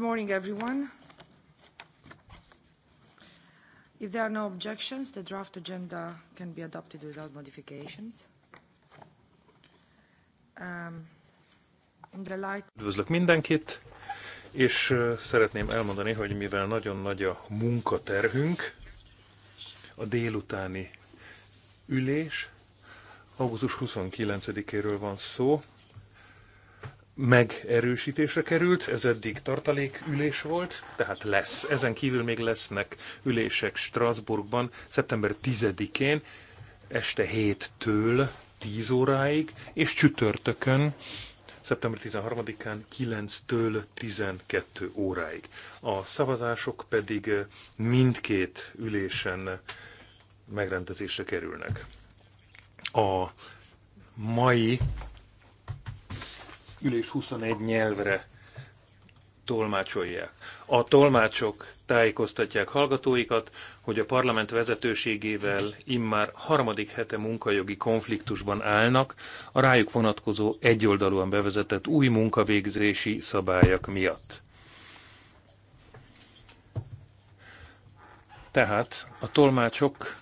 morning, everyone. If there are no objections, the draft agenda can be adopted without modifications. Um, Üdvözlök mindenkit, és szeretném elmondani, hogy mivel nagyon nagy a munkaterhünk, a délutáni ülés, augusztus 29-éről van szó, megerősítésre került, ez eddig tartalékülés volt, tehát lesz. Ezen kívül még lesznek ülések Strasbourgban szeptember 10-én este 7-től 10 óráig, és csütörtökön szeptember 13-án 9-től 12 óráig. A szavazások pedig eh, mindkét ülésen megrendezésre kerülnek. A mai ülés 21 nyelvre tolmácsolják. A tolmácsok tájékoztatják hallgatóikat, hogy a parlament vezetőségével immár harmadik hete munkajogi konfliktusban állnak a rájuk vonatkozó egyoldalúan bevezetett új munkavégzési szabályok miatt. Tehát a tolmácsok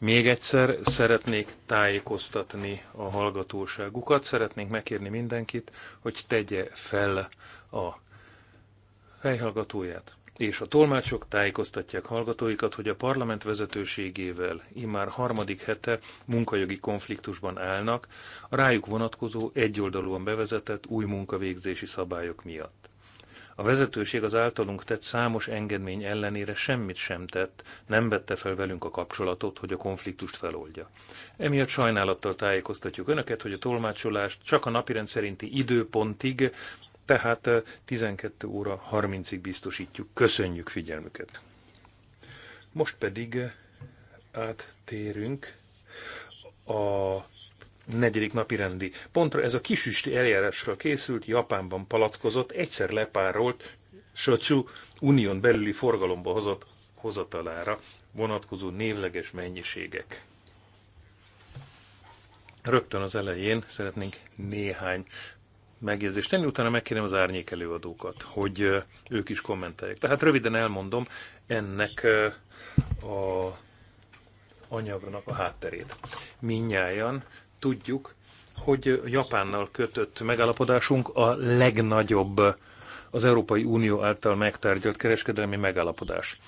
még egyszer szeretnék tájékoztatni a hallgatóságukat, szeretnénk megkérni mindenkit, hogy tegye fel a fejhallgatóját. És a tolmácsok tájékoztatják hallgatóikat, hogy a parlament vezetőségével immár harmadik hete munkajogi konfliktusban állnak a rájuk vonatkozó egyoldalúan bevezetett új munkavégzési szabályok miatt. A vezetőség az általunk tett számos engedmény ellenére semmit sem tett, nem vette fel velünk a kapcsolatot, hogy a konfliktust feloldja. Emiatt sajnálattal tájékoztatjuk Önöket, hogy a tolmácsolást csak a napirend szerinti időpontig, tehát 12 eh, óra 30-ig biztosítjuk. Köszönjük figyelmüket! Most pedig eh, áttérünk a negyedik napi rendi pontra. Ez a kisüsti eljárással készült, Japánban palackozott, egyszer lepárolt, Sochu unión belüli forgalomba hozott hozatalára vonatkozó névleges mennyiségek. Rögtön az elején szeretnénk néhány megjegyzést tenni, utána megkérem az árnyék előadókat, hogy ők is kommentálják. Tehát röviden elmondom ennek a anyagnak a hátterét. Minnyáján Tudjuk, hogy Japánnal kötött megállapodásunk a legnagyobb az Európai Unió által megtárgyalt kereskedelmi megállapodás.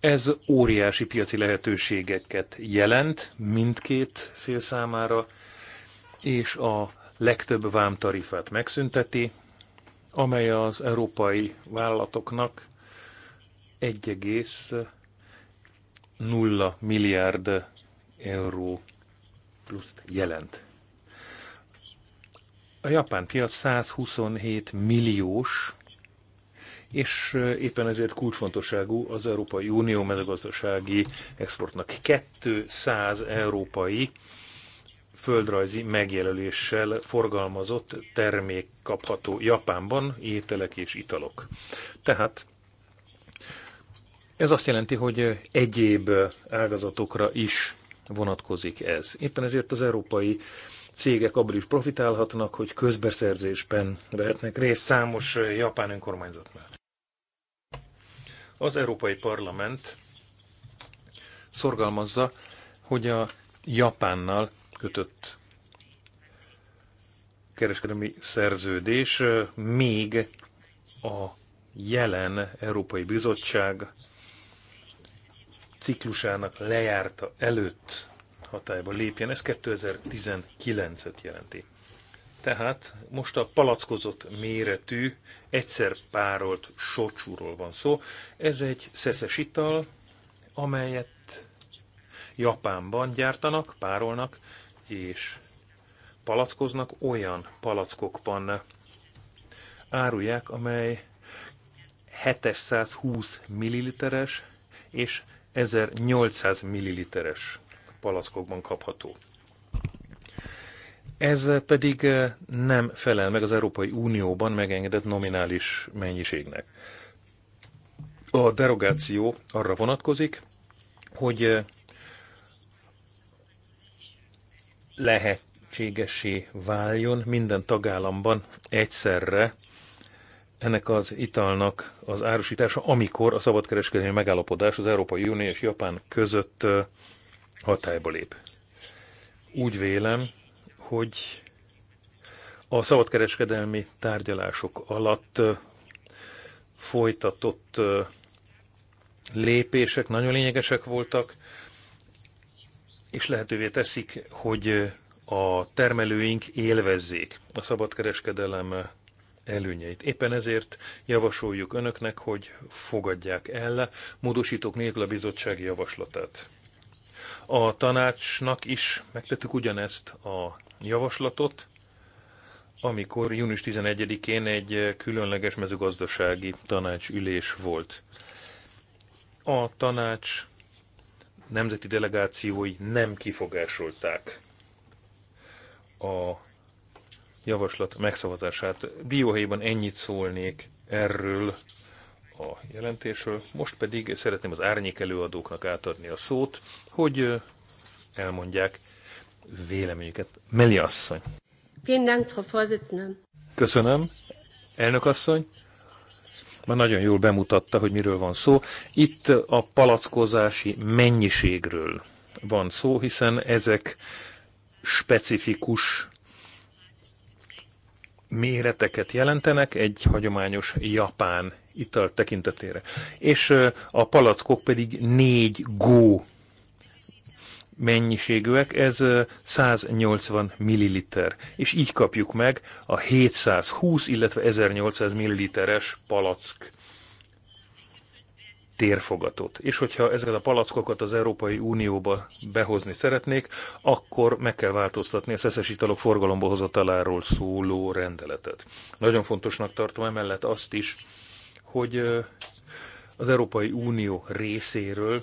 Ez óriási piaci lehetőségeket jelent mindkét fél számára, és a legtöbb vámtarifát megszünteti, amely az európai vállalatoknak 1,0 milliárd euró pluszt jelent. A japán piac 127 milliós, és éppen ezért kulcsfontosságú az Európai Unió mezőgazdasági exportnak. 200 európai földrajzi megjelöléssel forgalmazott termék kapható Japánban, ételek és italok. Tehát ez azt jelenti, hogy egyéb ágazatokra is vonatkozik ez. Éppen ezért az európai cégek abból is profitálhatnak, hogy közbeszerzésben vehetnek részt számos japán önkormányzatnál. Az Európai Parlament szorgalmazza, hogy a Japánnal kötött kereskedelmi szerződés még a jelen Európai Bizottság ciklusának lejárta előtt hatályba lépjen. Ez 2019-et jelenti. Tehát most a palackozott méretű, egyszer párolt socsúról van szó. Ez egy szeszes ital, amelyet Japánban gyártanak, párolnak, és palackoznak, olyan palackokban árulják, amely 720 milliliteres és 1800 milliliteres palackokban kapható. Ez pedig eh, nem felel meg az Európai Unióban megengedett nominális mennyiségnek. A derogáció arra vonatkozik, hogy eh, lehetségesé váljon minden tagállamban egyszerre ennek az italnak az árusítása, amikor a szabadkereskedelmi megállapodás az Európai Unió és Japán között hatályba lép. Úgy vélem, hogy a szabadkereskedelmi tárgyalások alatt folytatott lépések nagyon lényegesek voltak, és lehetővé teszik, hogy a termelőink élvezzék a szabadkereskedelem előnyeit. Éppen ezért javasoljuk önöknek, hogy fogadják el módosítók nélkül a bizottsági javaslatát. A tanácsnak is megtettük ugyanezt a javaslatot, amikor június 11-én egy különleges mezőgazdasági tanácsülés volt. A tanács nemzeti delegációi nem kifogásolták a javaslat megszavazását. Dióhéjban ennyit szólnék erről a jelentésről. Most pedig szeretném az árnyék előadóknak átadni a szót, hogy elmondják véleményüket. Meli asszony. Köszönöm, elnök asszony. Már nagyon jól bemutatta, hogy miről van szó. Itt a palackozási mennyiségről van szó, hiszen ezek specifikus méreteket jelentenek egy hagyományos japán ital tekintetére. És a palackok pedig 4 gó mennyiségűek, ez 180 milliliter. És így kapjuk meg a 720, illetve 1800 milliliteres palack térfogatot. És hogyha ezeket a palackokat az Európai Unióba behozni szeretnék, akkor meg kell változtatni a szeszes italok forgalomba hozataláról szóló rendeletet. Nagyon fontosnak tartom emellett azt is, hogy az Európai Unió részéről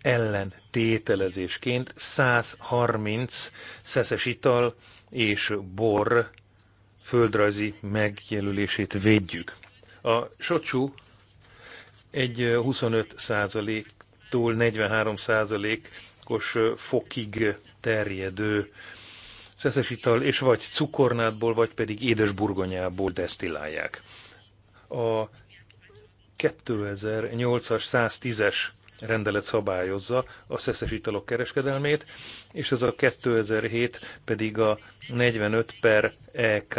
ellentételezésként 130 szeszes ital és bor földrajzi megjelölését védjük. A socsú egy 25 tól 43 os fokig terjedő szeszes ital, és vagy cukornádból vagy pedig édesburgonyából desztillálják. A 2008-as 110-es rendelet szabályozza a szeszes italok kereskedelmét, és ez a 2007 pedig a 45 per EK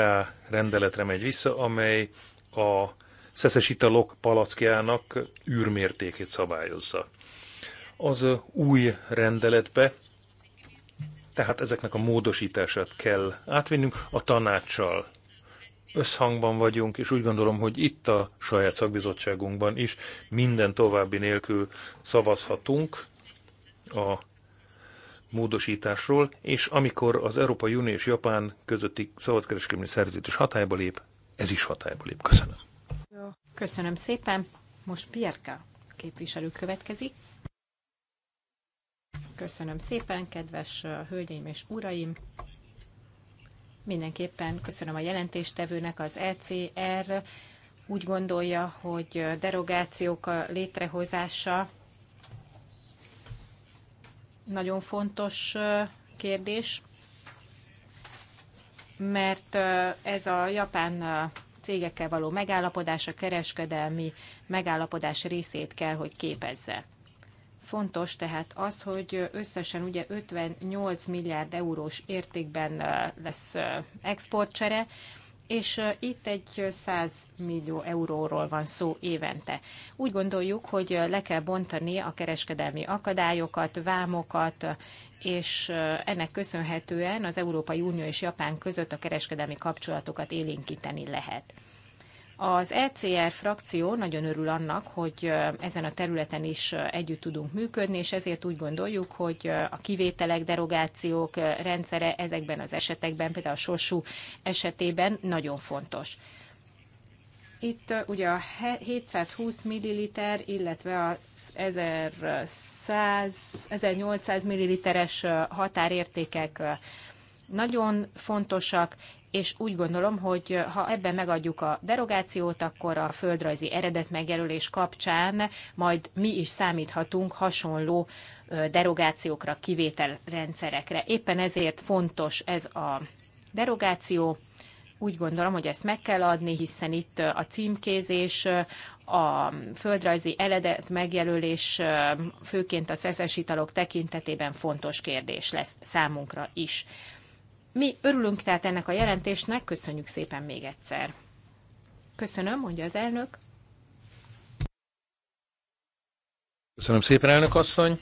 rendeletre megy vissza, amely a szeszes italok palackjának űrmértékét szabályozza. Az új rendeletbe tehát ezeknek a módosítását kell átvinnünk, a tanácssal összhangban vagyunk, és úgy gondolom, hogy itt a saját szakbizottságunkban is minden további nélkül szavazhatunk a módosításról, és amikor az Európai Unió és Japán közötti szabadkereskedelmi szerződés hatályba lép, ez is hatályba lép. Köszönöm. Köszönöm szépen. Most Pierka képviselő következik. Köszönöm szépen, kedves hölgyeim és uraim! Mindenképpen köszönöm a jelentéstevőnek az ECR. Úgy gondolja, hogy derogációk létrehozása nagyon fontos kérdés, mert ez a japán cégekkel való megállapodás a kereskedelmi megállapodás részét kell, hogy képezze. Fontos tehát az, hogy összesen ugye 58 milliárd eurós értékben lesz exportcsere, és itt egy 100 millió euróról van szó évente. Úgy gondoljuk, hogy le kell bontani a kereskedelmi akadályokat, vámokat, és ennek köszönhetően az Európai Unió és Japán között a kereskedelmi kapcsolatokat élénkíteni lehet. Az ECR frakció nagyon örül annak, hogy ezen a területen is együtt tudunk működni, és ezért úgy gondoljuk, hogy a kivételek, derogációk rendszere ezekben az esetekben, például a sorsú esetében nagyon fontos. Itt ugye a 720 ml, illetve a 1100, 1800 milliliteres határértékek nagyon fontosak, és úgy gondolom, hogy ha ebben megadjuk a derogációt, akkor a földrajzi eredet megjelölés kapcsán majd mi is számíthatunk hasonló derogációkra, kivételrendszerekre. Éppen ezért fontos ez a derogáció, úgy gondolom, hogy ezt meg kell adni, hiszen itt a címkézés, a földrajzi eledet megjelölés főként a szeszes italok tekintetében fontos kérdés lesz számunkra is. Mi örülünk tehát ennek a jelentésnek, köszönjük szépen még egyszer. Köszönöm, mondja az elnök. Köszönöm szépen, elnök asszony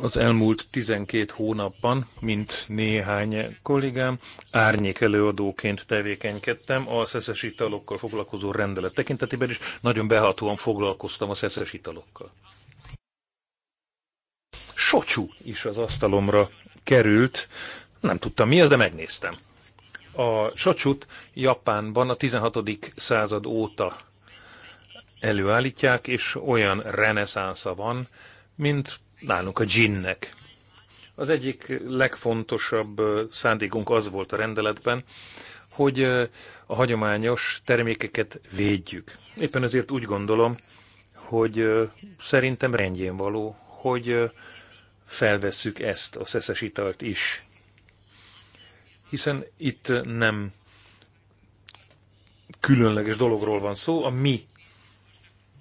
az elmúlt 12 hónapban, mint néhány kollégám, árnyék előadóként tevékenykedtem a szeszes italokkal foglalkozó rendelet tekintetében, is nagyon behatóan foglalkoztam a szeszes italokkal. Socsú is az asztalomra került, nem tudtam mi az, de megnéztem. A socsút Japánban a 16. század óta előállítják, és olyan reneszánsza van, mint nálunk a ginnek. Az egyik legfontosabb szándékunk az volt a rendeletben, hogy a hagyományos termékeket védjük. Éppen ezért úgy gondolom, hogy szerintem rendjén való, hogy felvesszük ezt a szeszes italt is. Hiszen itt nem különleges dologról van szó, a mi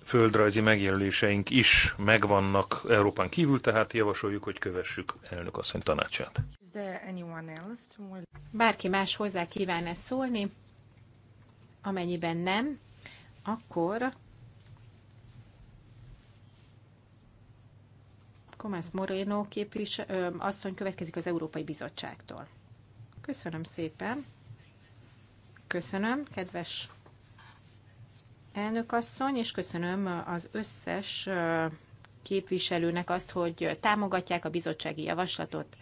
földrajzi megjelöléseink is megvannak Európán kívül, tehát javasoljuk, hogy kövessük elnök asszony tanácsát. Bárki más hozzá kíván szólni? Amennyiben nem, akkor Komász Moreno képvis, ö, asszony következik az Európai Bizottságtól. Köszönöm szépen. Köszönöm, kedves asszony, és köszönöm az összes képviselőnek azt, hogy támogatják a bizottsági javaslatot.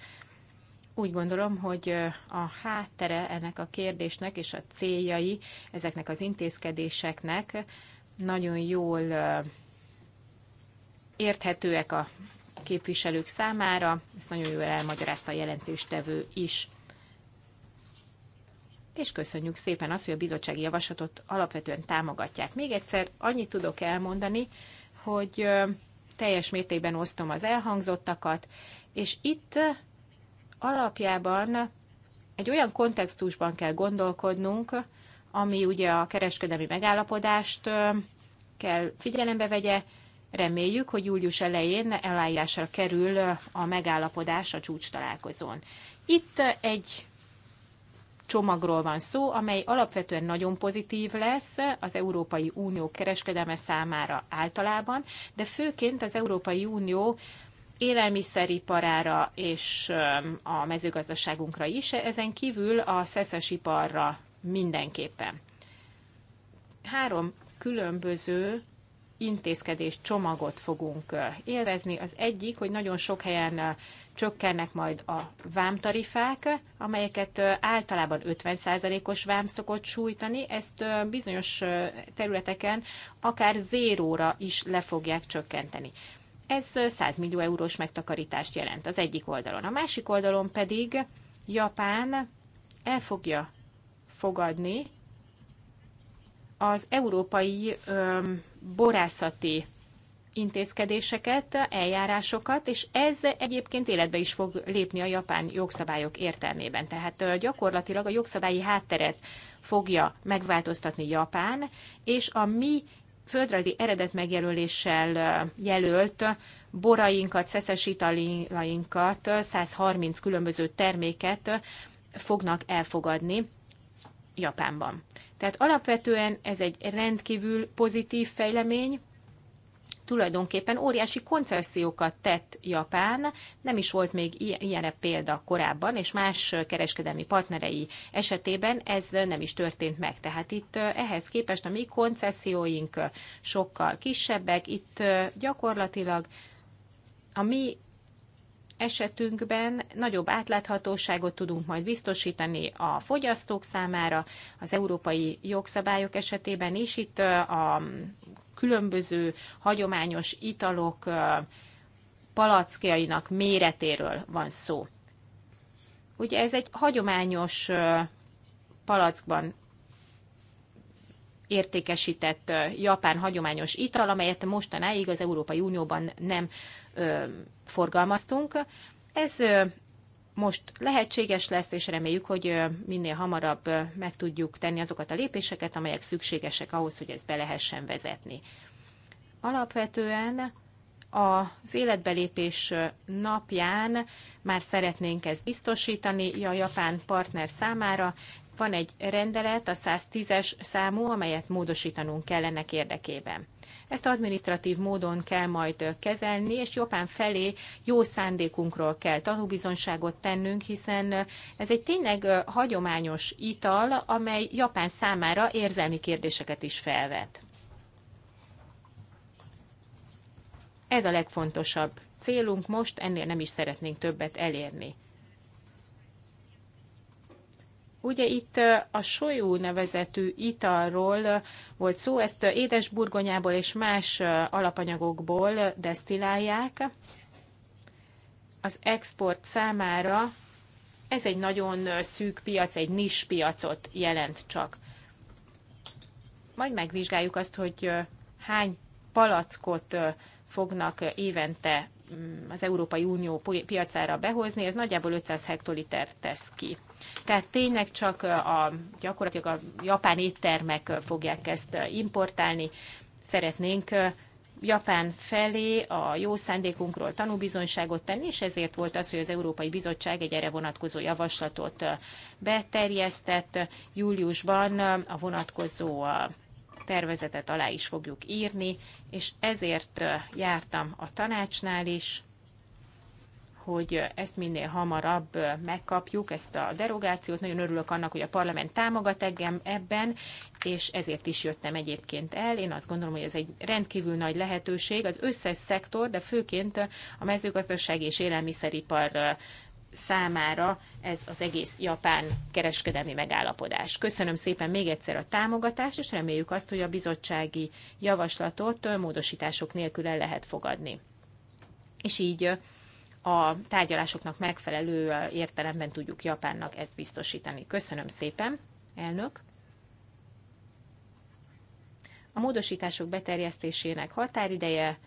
Úgy gondolom, hogy a háttere ennek a kérdésnek és a céljai ezeknek az intézkedéseknek nagyon jól érthetőek a képviselők számára. Ezt nagyon jól elmagyarázta a jelentéstevő is és köszönjük szépen azt, hogy a bizottsági javaslatot alapvetően támogatják. Még egyszer annyit tudok elmondani, hogy teljes mértékben osztom az elhangzottakat, és itt alapjában egy olyan kontextusban kell gondolkodnunk, ami ugye a kereskedelmi megállapodást kell figyelembe vegye. Reméljük, hogy július elején elállásra kerül a megállapodás a csúcs találkozón. Itt egy csomagról van szó, amely alapvetően nagyon pozitív lesz az Európai Unió kereskedelme számára általában, de főként az Európai Unió élelmiszeriparára és a mezőgazdaságunkra is, ezen kívül a iparra mindenképpen. Három különböző intézkedés csomagot fogunk élvezni. Az egyik, hogy nagyon sok helyen csökkennek majd a vámtarifák, amelyeket általában 50%-os vám szokott sújtani, ezt bizonyos területeken akár zéróra is le fogják csökkenteni. Ez 100 millió eurós megtakarítást jelent az egyik oldalon. A másik oldalon pedig Japán el fogja fogadni az európai öm, borászati intézkedéseket, eljárásokat, és ez egyébként életbe is fog lépni a japán jogszabályok értelmében. Tehát gyakorlatilag a jogszabályi hátteret fogja megváltoztatni Japán, és a mi földrajzi eredet megjelöléssel jelölt borainkat, szeszes italainkat, 130 különböző terméket fognak elfogadni Japánban. Tehát alapvetően ez egy rendkívül pozitív fejlemény, tulajdonképpen óriási koncesziókat tett Japán, nem is volt még ilyen példa korábban, és más kereskedelmi partnerei esetében ez nem is történt meg. Tehát itt ehhez képest a mi koncesszióink sokkal kisebbek, itt gyakorlatilag a mi esetünkben nagyobb átláthatóságot tudunk majd biztosítani a fogyasztók számára, az európai jogszabályok esetében is. Itt a különböző hagyományos italok palackjainak méretéről van szó. Ugye ez egy hagyományos palackban értékesített japán hagyományos ital, amelyet mostanáig az Európai Unióban nem forgalmaztunk. Ez most lehetséges lesz, és reméljük, hogy minél hamarabb meg tudjuk tenni azokat a lépéseket, amelyek szükségesek ahhoz, hogy ezt be lehessen vezetni. Alapvetően az életbelépés napján már szeretnénk ezt biztosítani a japán partner számára, van egy rendelet, a 110-es számú, amelyet módosítanunk kell ennek érdekében. Ezt administratív módon kell majd kezelni, és japán felé jó szándékunkról kell tanúbizonságot tennünk, hiszen ez egy tényleg hagyományos ital, amely Japán számára érzelmi kérdéseket is felvet. Ez a legfontosabb célunk most, ennél nem is szeretnénk többet elérni. Ugye itt a solyú nevezetű italról volt szó, ezt édesburgonyából és más alapanyagokból desztillálják. Az export számára ez egy nagyon szűk piac, egy nis piacot jelent csak. Majd megvizsgáljuk azt, hogy hány palackot fognak évente Mm, az Európai Unió piacára behozni, ez nagyjából 500 hektoliter tesz ki. Tehát tényleg csak a, gyakorlatilag a japán éttermek fogják ezt importálni. Szeretnénk Japán felé a jó szándékunkról tanúbizonyságot tenni, és ezért volt az, hogy az Európai Bizottság egy erre vonatkozó javaslatot beterjesztett. Júliusban a vonatkozó tervezetet alá is fogjuk írni, és ezért jártam a tanácsnál is, hogy ezt minél hamarabb megkapjuk, ezt a derogációt. Nagyon örülök annak, hogy a parlament támogat engem ebben, és ezért is jöttem egyébként el. Én azt gondolom, hogy ez egy rendkívül nagy lehetőség az összes szektor, de főként a mezőgazdaság és élelmiszeripar számára ez az egész japán kereskedelmi megállapodás. Köszönöm szépen még egyszer a támogatást, és reméljük azt, hogy a bizottsági javaslatot módosítások nélkül el lehet fogadni. És így a tárgyalásoknak megfelelő értelemben tudjuk Japánnak ezt biztosítani. Köszönöm szépen, elnök! A módosítások beterjesztésének határideje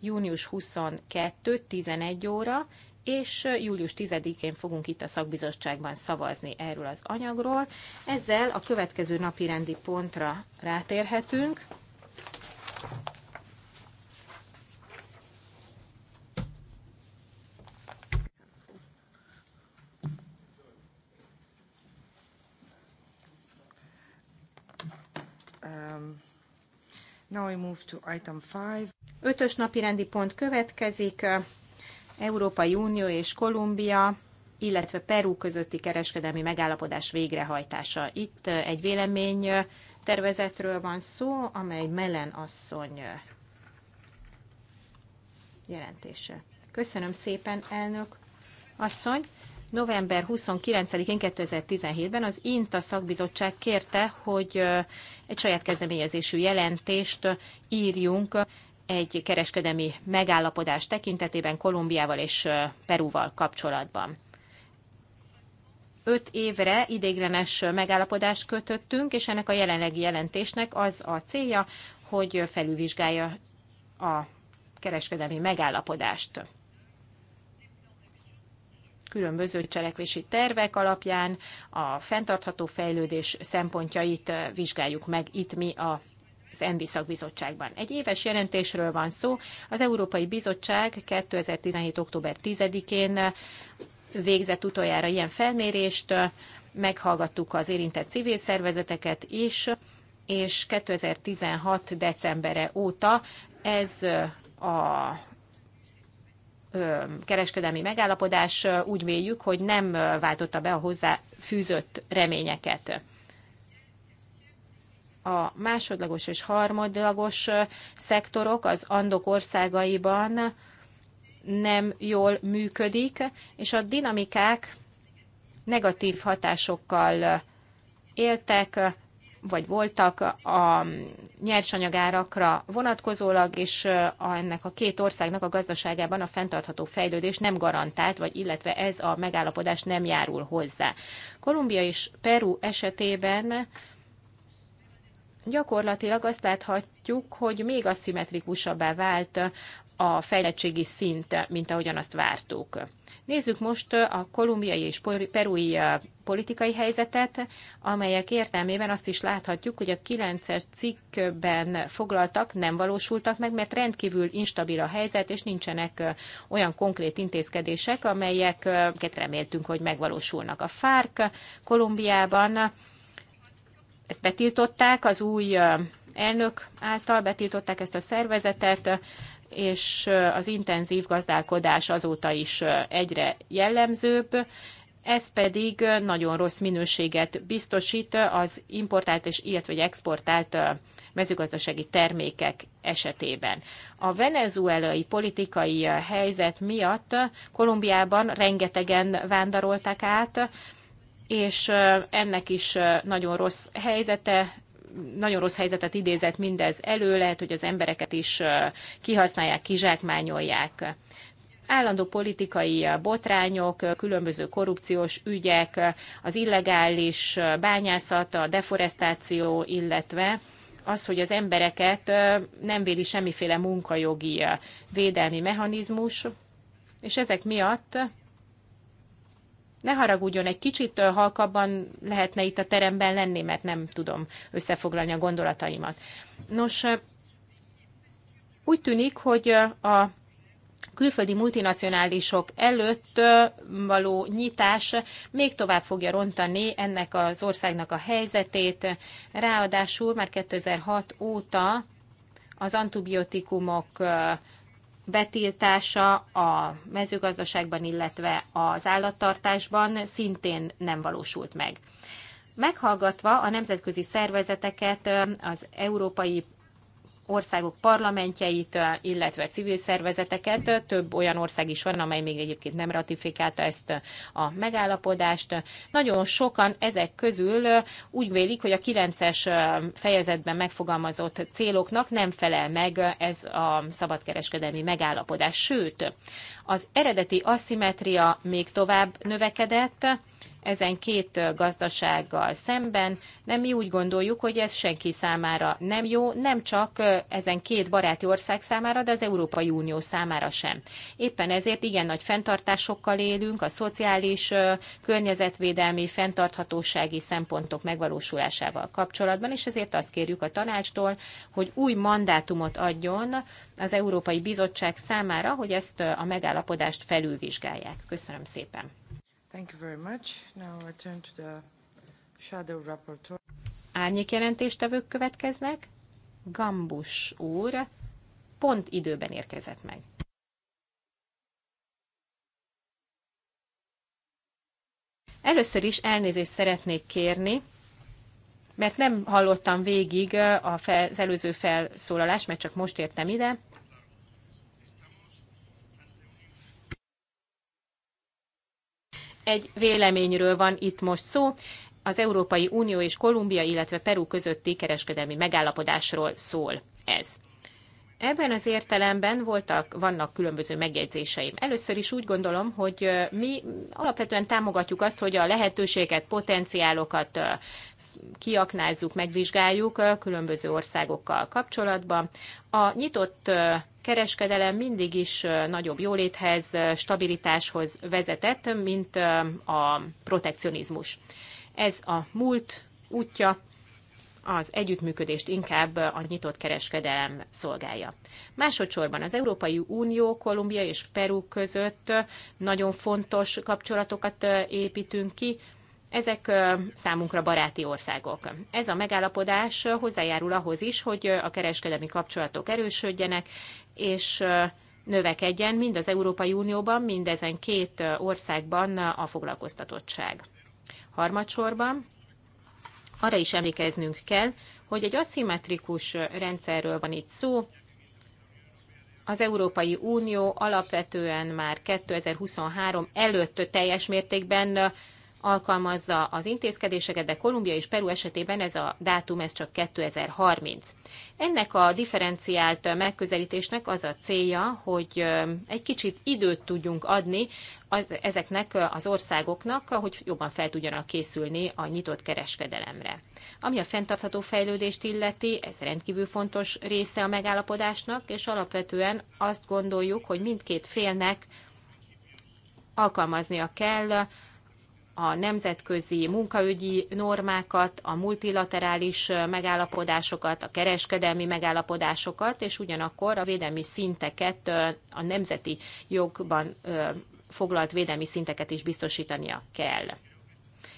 június 22-11 óra, és július 10-én fogunk itt a szakbizottságban szavazni erről az anyagról. Ezzel a következő napi rendi pontra rátérhetünk. Um, now we move to item five. Ötös napi rendi pont következik. Európai Unió és Kolumbia, illetve Peru közötti kereskedelmi megállapodás végrehajtása. Itt eh, egy vélemény eh, tervezetről van szó, amely Melen asszony eh, jelentése. Köszönöm szépen, elnök asszony! november 29-én 2017-ben az INTA szakbizottság kérte, hogy egy saját kezdeményezésű jelentést írjunk egy kereskedemi megállapodás tekintetében Kolumbiával és Perúval kapcsolatban. Öt évre ideiglenes megállapodást kötöttünk, és ennek a jelenlegi jelentésnek az a célja, hogy felülvizsgálja a kereskedelmi megállapodást. Különböző cselekvési tervek alapján a fenntartható fejlődés szempontjait vizsgáljuk meg itt mi a az ENVI szakbizottságban. Egy éves jelentésről van szó. Az Európai Bizottság 2017. október 10-én végzett utoljára ilyen felmérést, meghallgattuk az érintett civil szervezeteket is, és 2016. decembere óta ez a kereskedelmi megállapodás úgy véljük, hogy nem váltotta be a hozzá fűzött reményeket a másodlagos és harmadlagos szektorok az andok országaiban nem jól működik, és a dinamikák negatív hatásokkal éltek, vagy voltak a nyersanyagárakra vonatkozólag, és a, ennek a két országnak a gazdaságában a fenntartható fejlődés nem garantált, vagy illetve ez a megállapodás nem járul hozzá. Kolumbia és Peru esetében gyakorlatilag azt láthatjuk, hogy még aszimmetrikusabbá vált a fejlettségi szint, mint ahogyan azt vártuk. Nézzük most a kolumbiai és perui politikai helyzetet, amelyek értelmében azt is láthatjuk, hogy a 9 cikkben foglaltak nem valósultak meg, mert rendkívül instabil a helyzet, és nincsenek olyan konkrét intézkedések, amelyeket reméltünk, hogy megvalósulnak. A FARC Kolumbiában ezt betiltották, az új elnök által betiltották ezt a szervezetet, és az intenzív gazdálkodás azóta is egyre jellemzőbb, ez pedig nagyon rossz minőséget biztosít az importált és illetve egy exportált mezőgazdasági termékek esetében. A venezuelai politikai helyzet miatt Kolumbiában rengetegen vándoroltak át, és ennek is nagyon rossz helyzete, nagyon rossz helyzetet idézett mindez elő, lehet, hogy az embereket is kihasználják, kizsákmányolják. Állandó politikai botrányok, különböző korrupciós ügyek, az illegális bányászat, a deforestáció, illetve az, hogy az embereket nem védi semmiféle munkajogi védelmi mechanizmus, és ezek miatt ne haragudjon, egy kicsit halkabban lehetne itt a teremben lenni, mert nem tudom összefoglalni a gondolataimat. Nos, úgy tűnik, hogy a külföldi multinacionálisok előtt való nyitás még tovább fogja rontani ennek az országnak a helyzetét. Ráadásul már 2006 óta az antibiotikumok betiltása a mezőgazdaságban, illetve az állattartásban szintén nem valósult meg. Meghallgatva a nemzetközi szervezeteket, az Európai országok parlamentjeit, illetve civil szervezeteket. Több olyan ország is van, amely még egyébként nem ratifikálta ezt a megállapodást. Nagyon sokan ezek közül úgy vélik, hogy a 9-es fejezetben megfogalmazott céloknak nem felel meg ez a szabadkereskedelmi megállapodás. Sőt, az eredeti aszimetria még tovább növekedett, ezen két gazdasággal szemben, de mi úgy gondoljuk, hogy ez senki számára nem jó, nem csak ezen két baráti ország számára, de az Európai Unió számára sem. Éppen ezért igen nagy fenntartásokkal élünk a szociális, környezetvédelmi, fenntarthatósági szempontok megvalósulásával kapcsolatban, és ezért azt kérjük a tanácstól, hogy új mandátumot adjon az Európai Bizottság számára, hogy ezt a megállapodást felülvizsgálják. Köszönöm szépen! Thank you very much. Now I turn to the shadow rapporteur. Árnyék jelentéstevők következnek. Gambus úr pont időben érkezett meg. Először is elnézést szeretnék kérni, mert nem hallottam végig az előző felszólalást, mert csak most értem ide. Egy véleményről van itt most szó, az Európai Unió és Kolumbia, illetve Peru közötti kereskedelmi megállapodásról szól ez. Ebben az értelemben voltak, vannak különböző megjegyzéseim. Először is úgy gondolom, hogy mi alapvetően támogatjuk azt, hogy a lehetőséget, potenciálokat kiaknázzuk, megvizsgáljuk különböző országokkal kapcsolatban. A nyitott kereskedelem mindig is nagyobb jóléthez, stabilitáshoz vezetett, mint a protekcionizmus. Ez a múlt útja, az együttműködést inkább a nyitott kereskedelem szolgálja. Másodszorban az Európai Unió, Kolumbia és Peru között nagyon fontos kapcsolatokat építünk ki, ezek számunkra baráti országok. Ez a megállapodás hozzájárul ahhoz is, hogy a kereskedelmi kapcsolatok erősödjenek, és növekedjen mind az Európai Unióban, mind ezen két országban a foglalkoztatottság. Harmadsorban arra is emlékeznünk kell, hogy egy aszimmetrikus rendszerről van itt szó. Az Európai Unió alapvetően már 2023 előtt teljes mértékben alkalmazza az intézkedéseket, de Kolumbia és Peru esetében ez a dátum ez csak 2030. Ennek a differenciált megközelítésnek az a célja, hogy egy kicsit időt tudjunk adni az, ezeknek az országoknak, hogy jobban fel tudjanak készülni a nyitott kereskedelemre. Ami a fenntartható fejlődést illeti, ez rendkívül fontos része a megállapodásnak, és alapvetően azt gondoljuk, hogy mindkét félnek alkalmaznia kell a nemzetközi munkaügyi normákat, a multilaterális megállapodásokat, a kereskedelmi megállapodásokat, és ugyanakkor a védelmi szinteket, a nemzeti jogban foglalt védelmi szinteket is biztosítania kell.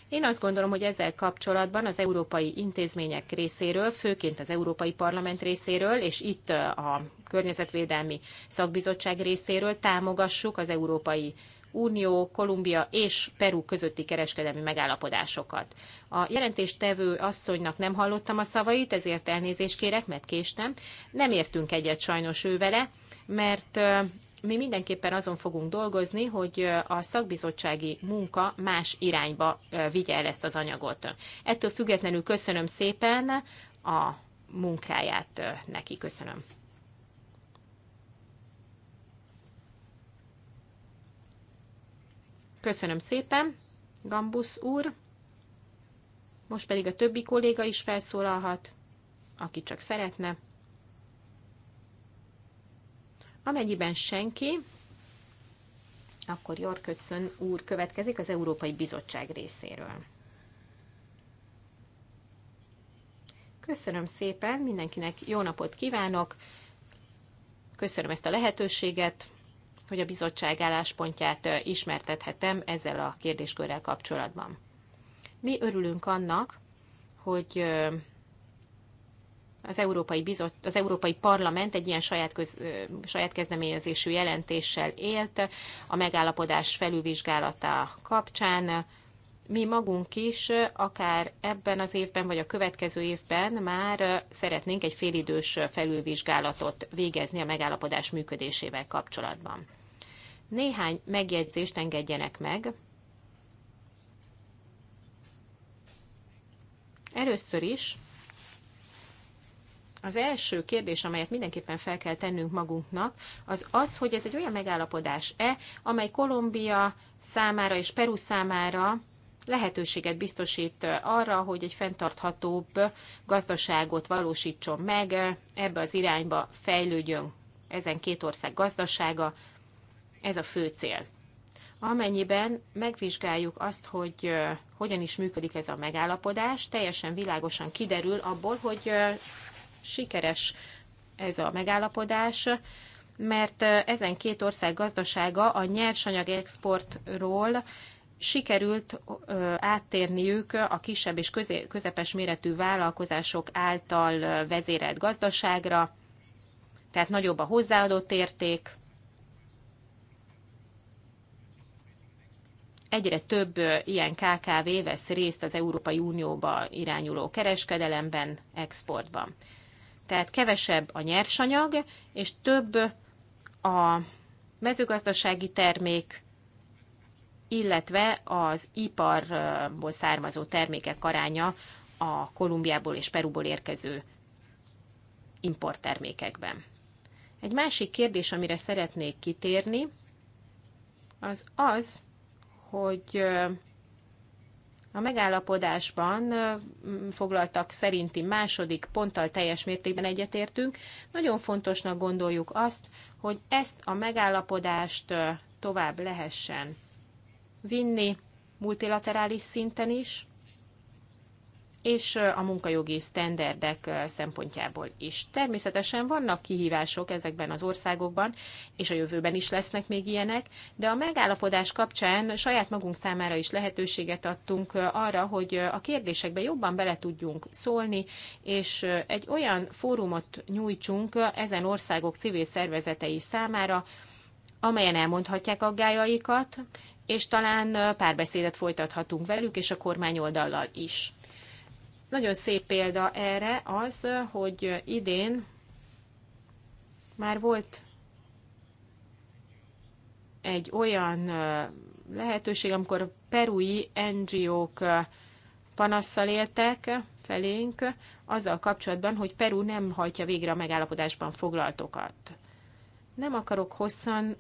Én azt gondolom, hogy ezzel kapcsolatban az európai intézmények részéről, főként az Európai Parlament részéről, és itt a Környezetvédelmi Szakbizottság részéről támogassuk az európai Unió, Kolumbia és Peru közötti kereskedelmi megállapodásokat. A jelentéstevő asszonynak nem hallottam a szavait, ezért elnézést kérek, mert késtem. Nem értünk egyet sajnos ő vele, mert mi mindenképpen azon fogunk dolgozni, hogy a szakbizottsági munka más irányba vigye el ezt az anyagot. Ettől függetlenül köszönöm szépen a munkáját neki. Köszönöm. Köszönöm szépen, Gambusz úr. Most pedig a többi kolléga is felszólalhat, aki csak szeretne. Amennyiben senki, akkor Jorköszön úr következik az Európai Bizottság részéről. Köszönöm szépen, mindenkinek jó napot kívánok, köszönöm ezt a lehetőséget, hogy a bizottság álláspontját ismertethetem ezzel a kérdéskörrel kapcsolatban. Mi örülünk annak, hogy az Európai, Bizot, az Európai Parlament egy ilyen saját, köz, saját kezdeményezésű jelentéssel élt a megállapodás felülvizsgálata kapcsán mi magunk is akár ebben az évben vagy a következő évben már szeretnénk egy félidős felülvizsgálatot végezni a megállapodás működésével kapcsolatban. Néhány megjegyzést engedjenek meg. Először is az első kérdés, amelyet mindenképpen fel kell tennünk magunknak, az az, hogy ez egy olyan megállapodás-e, amely Kolumbia számára és Peru számára lehetőséget biztosít arra, hogy egy fenntarthatóbb gazdaságot valósítson meg, ebbe az irányba fejlődjön ezen két ország gazdasága. Ez a fő cél. Amennyiben megvizsgáljuk azt, hogy hogyan is működik ez a megállapodás, teljesen világosan kiderül abból, hogy sikeres ez a megállapodás, mert ezen két ország gazdasága a nyersanyag exportról sikerült áttérniük a kisebb és közepes méretű vállalkozások által vezérelt gazdaságra, tehát nagyobb a hozzáadott érték, egyre több ilyen KKV vesz részt az Európai Unióba irányuló kereskedelemben, exportban. Tehát kevesebb a nyersanyag, és több a mezőgazdasági termék, illetve az iparból származó termékek aránya a Kolumbiából és Perúból érkező importtermékekben. Egy másik kérdés, amire szeretnék kitérni, az az, hogy a megállapodásban foglaltak szerinti második ponttal teljes mértékben egyetértünk. Nagyon fontosnak gondoljuk azt, hogy ezt a megállapodást tovább lehessen vinni multilaterális szinten is, és a munkajogi sztenderdek szempontjából is. Természetesen vannak kihívások ezekben az országokban, és a jövőben is lesznek még ilyenek, de a megállapodás kapcsán saját magunk számára is lehetőséget adtunk arra, hogy a kérdésekbe jobban bele tudjunk szólni, és egy olyan fórumot nyújtsunk ezen országok civil szervezetei számára, amelyen elmondhatják aggájaikat, és talán párbeszédet folytathatunk velük, és a kormány oldallal is. Nagyon szép példa erre az, hogy idén már volt egy olyan lehetőség, amikor perui NGO-k panasszal éltek felénk azzal kapcsolatban, hogy Peru nem hajtja végre a megállapodásban foglaltokat. Nem akarok hosszan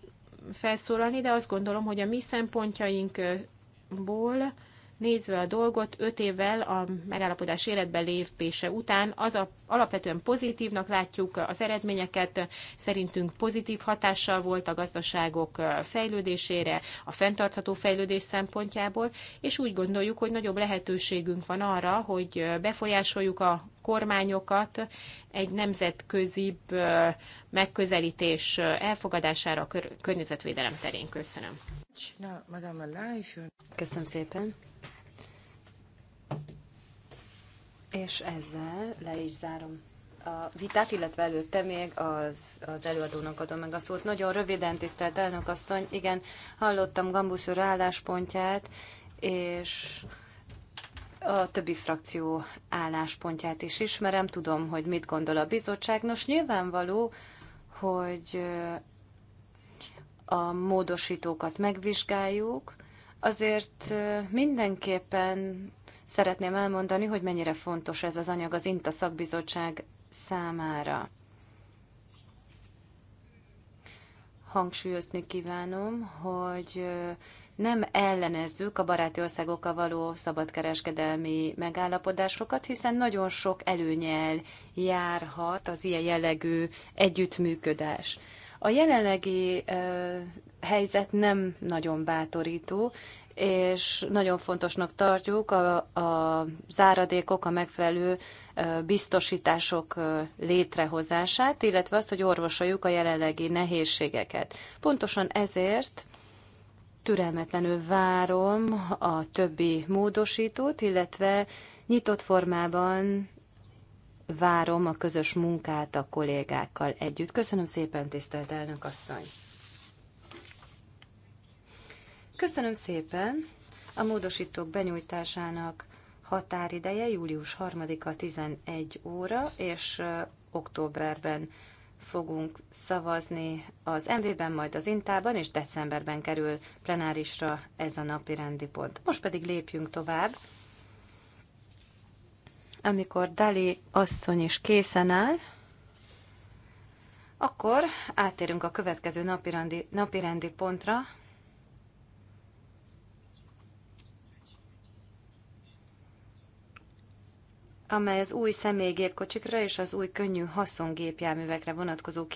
felszólalni, de azt gondolom, hogy a mi szempontjainkból nézve a dolgot, öt évvel a megállapodás életbe lépése után az a, alapvetően pozitívnak látjuk az eredményeket, szerintünk pozitív hatással volt a gazdaságok fejlődésére, a fenntartható fejlődés szempontjából, és úgy gondoljuk, hogy nagyobb lehetőségünk van arra, hogy befolyásoljuk a kormányokat egy nemzetközi megközelítés elfogadására a környezetvédelem terén. Köszönöm. Köszönöm szépen. És ezzel le is zárom a vitát, illetve előtte még az, az előadónak adom meg a szót. Nagyon röviden, tisztelt elnök asszony, igen, hallottam Gambusz úr álláspontját, és a többi frakció álláspontját is ismerem, tudom, hogy mit gondol a bizottság. Nos, nyilvánvaló, hogy a módosítókat megvizsgáljuk, azért mindenképpen szeretném elmondani, hogy mennyire fontos ez az anyag az INTA szakbizottság számára. Hangsúlyozni kívánom, hogy nem ellenezzük a baráti országokkal való szabadkereskedelmi megállapodásokat, hiszen nagyon sok előnyel járhat az ilyen jellegű együttműködés. A jelenlegi uh, helyzet nem nagyon bátorító, és nagyon fontosnak tartjuk a, a záradékok, a megfelelő biztosítások létrehozását, illetve azt, hogy orvosoljuk a jelenlegi nehézségeket. Pontosan ezért türelmetlenül várom a többi módosítót, illetve nyitott formában várom a közös munkát a kollégákkal együtt. Köszönöm szépen, tisztelt elnök asszony! Köszönöm szépen! A módosítók benyújtásának határideje július 3-a 11 óra, és októberben fogunk szavazni az MV-ben, majd az Intában, és decemberben kerül plenárisra ez a napi rendi pont. Most pedig lépjünk tovább. Amikor Dali asszony is készen áll, akkor átérünk a következő napirendi, napirendi pontra, amely az új személygépkocsikra és az új könnyű haszongépjárművekre vonatkozó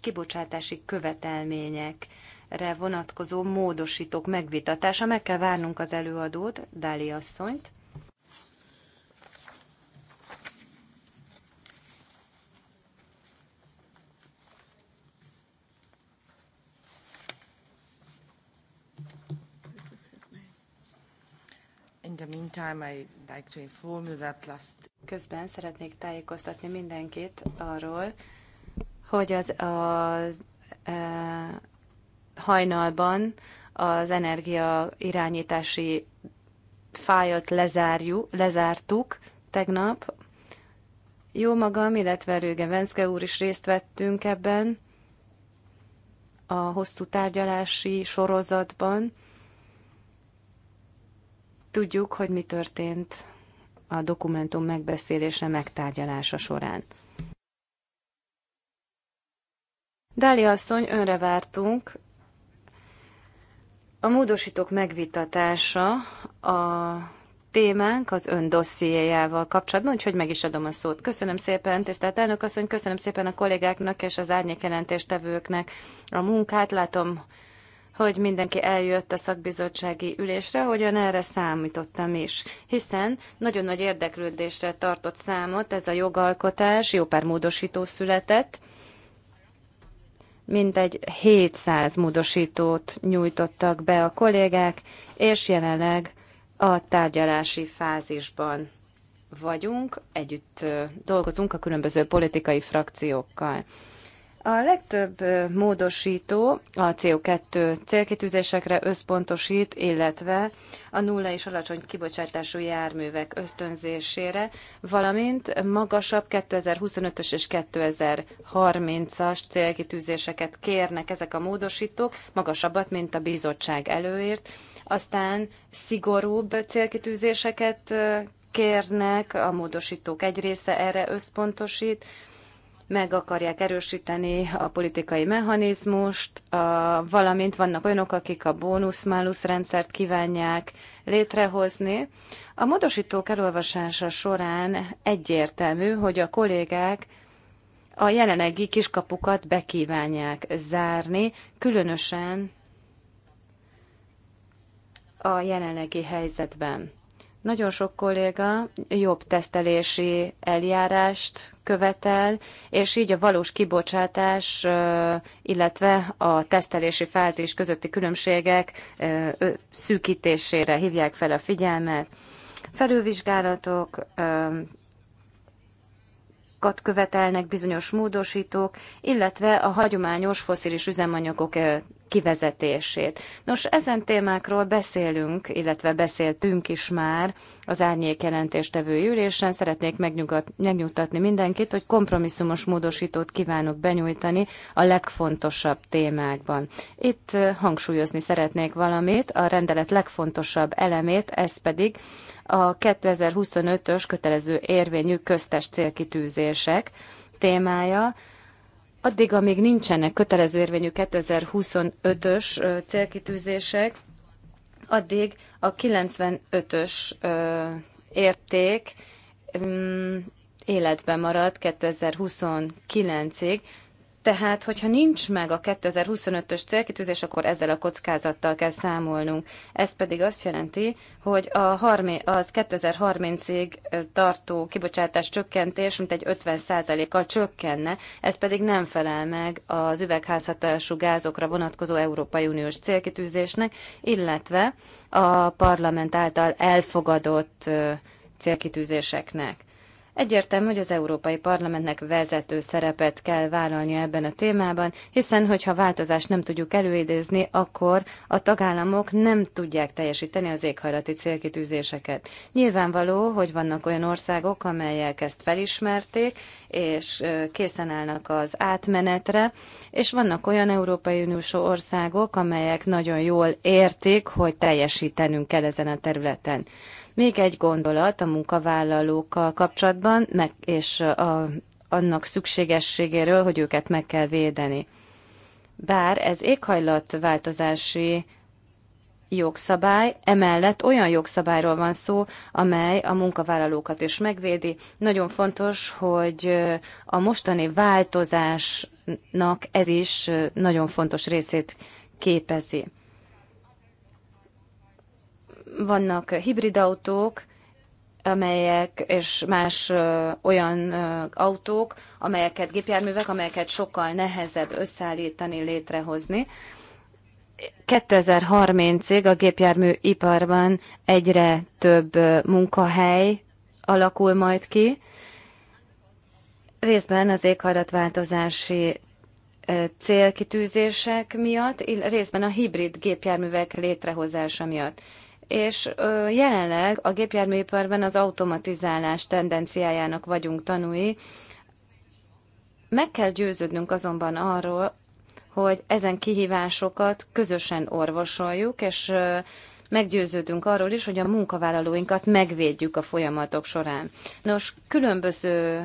kibocsátási követelményekre vonatkozó módosítók megvitatása. Meg kell várnunk az előadót, dália asszonyt. Közben szeretnék tájékoztatni mindenkit arról, hogy az, az e, hajnalban az energia irányítási fájlt lezárjuk, lezártuk tegnap. Jó magam, illetve Rőge Venszke úr is részt vettünk ebben a hosszú tárgyalási sorozatban, Tudjuk, hogy mi történt a dokumentum megbeszélése, megtárgyalása során. Dália asszony, önre vártunk. A módosítók megvitatása a témánk az ön dossziéjával kapcsolatban, úgyhogy meg is adom a szót. Köszönöm szépen, tisztelt elnök asszony, köszönöm szépen a kollégáknak és az árnyékjelentéstevőknek a munkát. Látom, hogy mindenki eljött a szakbizottsági ülésre, hogyan erre számítottam is. Hiszen nagyon nagy érdeklődésre tartott számot ez a jogalkotás, jó pár módosító született, mintegy 700 módosítót nyújtottak be a kollégák, és jelenleg a tárgyalási fázisban vagyunk, együtt dolgozunk a különböző politikai frakciókkal. A legtöbb módosító a CO2 célkitűzésekre összpontosít, illetve a nulla és alacsony kibocsátású járművek ösztönzésére, valamint magasabb 2025-ös és 2030-as célkitűzéseket kérnek ezek a módosítók, magasabbat, mint a bizottság előírt. Aztán szigorúbb célkitűzéseket kérnek, a módosítók egy része erre összpontosít, meg akarják erősíteni a politikai mechanizmust, a, valamint vannak olyanok, akik a bónusz-málusz rendszert kívánják létrehozni. A módosítók elolvasása során egyértelmű, hogy a kollégák a jelenlegi kiskapukat bekívánják zárni, különösen a jelenlegi helyzetben. Nagyon sok kolléga jobb tesztelési eljárást követel, és így a valós kibocsátás, illetve a tesztelési fázis közötti különbségek szűkítésére hívják fel a figyelmet. Felülvizsgálatok, kat követelnek bizonyos módosítók, illetve a hagyományos foszilis üzemanyagok kivezetését. Nos, ezen témákról beszélünk, illetve beszéltünk is már az árnyék jelentéstevő ülésen. Szeretnék megnyugtatni mindenkit, hogy kompromisszumos módosítót kívánok benyújtani a legfontosabb témákban. Itt hangsúlyozni szeretnék valamit, a rendelet legfontosabb elemét, ez pedig a 2025-ös kötelező érvényű köztes célkitűzések témája. Addig, amíg nincsenek kötelező érvényű 2025-ös célkitűzések, addig a 95-ös érték mm, életben marad 2029-ig, tehát, hogyha nincs meg a 2025-ös célkitűzés, akkor ezzel a kockázattal kell számolnunk. Ez pedig azt jelenti, hogy a 30, az 2030-ig tartó kibocsátás csökkentés mint egy 50%-kal csökkenne, ez pedig nem felel meg az üvegházhatású gázokra vonatkozó Európai Uniós célkitűzésnek, illetve a parlament által elfogadott célkitűzéseknek. Egyértelmű, hogy az Európai Parlamentnek vezető szerepet kell vállalnia ebben a témában, hiszen hogyha változást nem tudjuk előidézni, akkor a tagállamok nem tudják teljesíteni az éghajlati célkitűzéseket. Nyilvánvaló, hogy vannak olyan országok, amelyek ezt felismerték, és készen állnak az átmenetre, és vannak olyan Európai Uniós országok, amelyek nagyon jól értik, hogy teljesítenünk kell ezen a területen. Még egy gondolat a munkavállalókkal kapcsolatban, meg, és a, annak szükségességéről, hogy őket meg kell védeni. Bár ez éghajlatváltozási jogszabály, emellett olyan jogszabályról van szó, amely a munkavállalókat is megvédi. Nagyon fontos, hogy a mostani változásnak ez is nagyon fontos részét képezi. Vannak hibrid autók, amelyek, és más ö, olyan ö, autók, amelyeket gépjárművek, amelyeket sokkal nehezebb összeállítani, létrehozni. 2030-ig a gépjármű iparban egyre több munkahely alakul majd ki, részben az éghajlatváltozási célkitűzések miatt, részben a hibrid gépjárművek létrehozása miatt és jelenleg a gépjárműiparban az automatizálás tendenciájának vagyunk tanúi. Meg kell győződnünk azonban arról, hogy ezen kihívásokat közösen orvosoljuk, és meggyőződünk arról is, hogy a munkavállalóinkat megvédjük a folyamatok során. Nos, különböző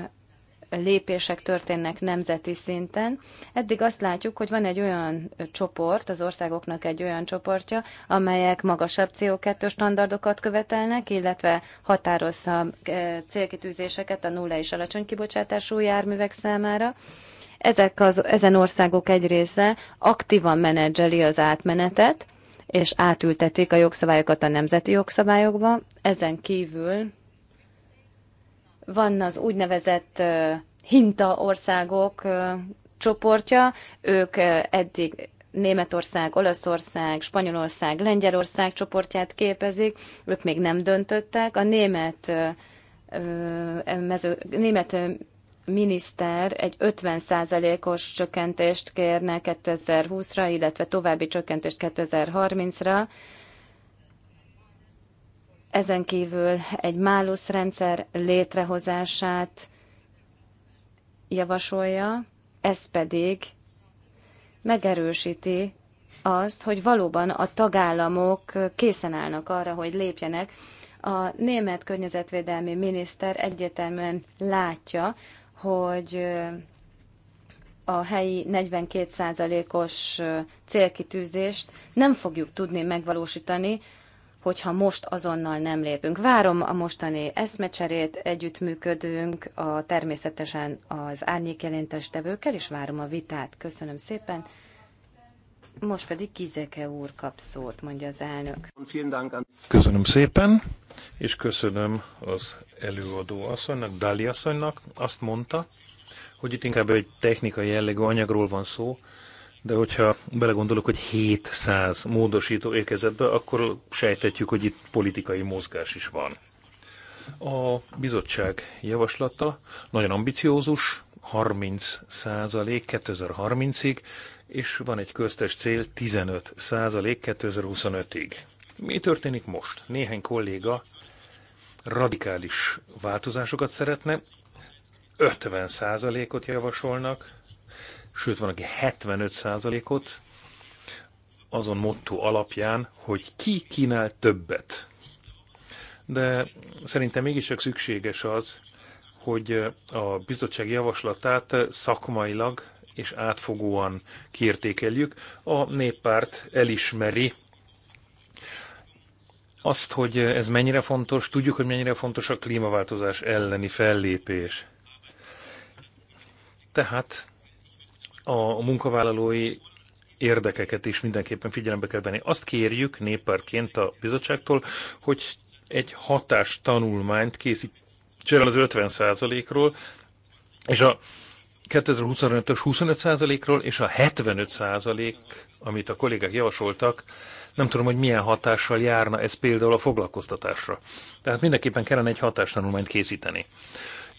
lépések történnek nemzeti szinten. Eddig azt látjuk, hogy van egy olyan csoport, az országoknak egy olyan csoportja, amelyek magasabb CO2 standardokat követelnek, illetve határozza eh, célkitűzéseket a nulla és alacsony kibocsátású járművek számára. Ezek az, ezen országok egy része aktívan menedzseli az átmenetet, és átültetik a jogszabályokat a nemzeti jogszabályokba. Ezen kívül van az úgynevezett hinta országok csoportja, ők eddig Németország, Olaszország, Spanyolország, Lengyelország csoportját képezik, ők még nem döntöttek. A német, mező, német miniszter egy 50%-os csökkentést kérne 2020-ra, illetve további csökkentést 2030-ra ezen kívül egy málusz rendszer létrehozását javasolja, ez pedig megerősíti azt, hogy valóban a tagállamok készen állnak arra, hogy lépjenek. A német környezetvédelmi miniszter egyértelműen látja, hogy a helyi 42%-os célkitűzést nem fogjuk tudni megvalósítani, hogyha most azonnal nem lépünk. Várom a mostani eszmecserét, együttműködünk a, természetesen az árnyékjelentes tevőkkel, és várom a vitát. Köszönöm szépen. Most pedig Kizeke úr kap szót, mondja az elnök. Köszönöm szépen, és köszönöm az előadó asszonynak, Dali asszonynak. Azt mondta, hogy itt inkább egy technikai jellegű anyagról van szó, de hogyha belegondolok, hogy 700 módosító érkezett be, akkor sejtetjük, hogy itt politikai mozgás is van. A bizottság javaslata nagyon ambiciózus, 30 százalék 2030-ig, és van egy köztes cél 15 százalék 2025-ig. Mi történik most? Néhány kolléga radikális változásokat szeretne, 50 százalékot javasolnak, sőt van, aki 75%-ot, azon motto alapján, hogy ki kínál többet. De szerintem mégis csak szükséges az, hogy a bizottság javaslatát szakmailag és átfogóan kiértékeljük. A néppárt elismeri azt, hogy ez mennyire fontos, tudjuk, hogy mennyire fontos a klímaváltozás elleni fellépés. Tehát a munkavállalói érdekeket is mindenképpen figyelembe kell venni. Azt kérjük néppárként a bizottságtól, hogy egy hatás tanulmányt készítsen az 50%-ról, és a 2025-ös 25%-ról és a 75%, amit a kollégák javasoltak, nem tudom, hogy milyen hatással járna ez például a foglalkoztatásra. Tehát mindenképpen kellene egy hatástanulmányt készíteni.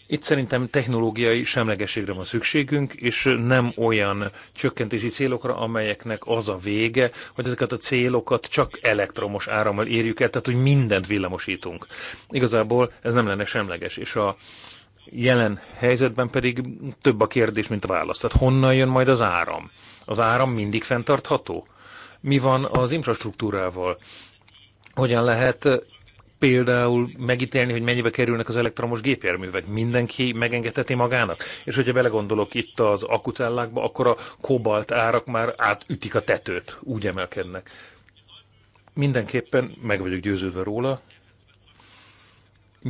Itt szerintem technológiai semlegességre van szükségünk, és nem olyan csökkentési célokra, amelyeknek az a vége, hogy ezeket a célokat csak elektromos árammal érjük el, tehát hogy mindent villamosítunk. Igazából ez nem lenne semleges, és a jelen helyzetben pedig több a kérdés, mint a válasz. Tehát honnan jön majd az áram? Az áram mindig fenntartható? Mi van az infrastruktúrával? Hogyan lehet például megítélni, hogy mennyibe kerülnek az elektromos gépjárművek. Mindenki megengedheti magának. És hogyha belegondolok itt az akucellákba, akkor a kobalt árak már átütik a tetőt, úgy emelkednek. Mindenképpen meg vagyok győződve róla,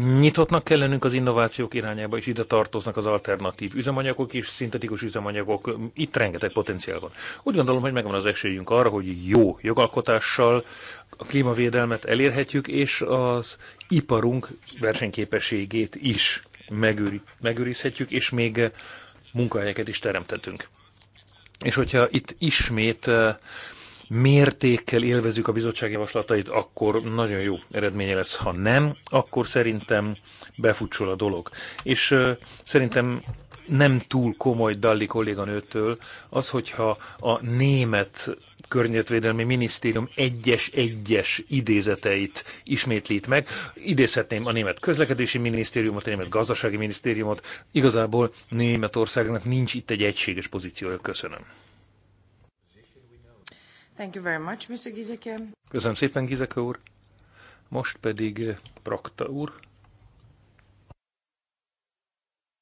Nyitottnak kell lennünk az innovációk irányába, és ide tartoznak az alternatív üzemanyagok és szintetikus üzemanyagok. Itt rengeteg potenciál van. Úgy gondolom, hogy megvan az esélyünk arra, hogy jó jogalkotással a klímavédelmet elérhetjük, és az iparunk versenyképességét is megőri, megőrizhetjük, és még munkahelyeket is teremtetünk. És hogyha itt ismét mértékkel élvezük a bizottság javaslatait, akkor nagyon jó eredménye lesz. Ha nem, akkor szerintem befutsol a dolog. És euh, szerintem nem túl komoly Dalli kolléganőtől az, hogyha a német környezetvédelmi minisztérium egyes-egyes idézeteit ismétlít meg. Idézhetném a német közlekedési minisztériumot, a német gazdasági minisztériumot. Igazából Németországnak nincs itt egy egységes pozíciója. Köszönöm. Thank you very much, Mr. Gizeke. Köszönöm szépen, Gizeke úr. Most pedig Prakta úr.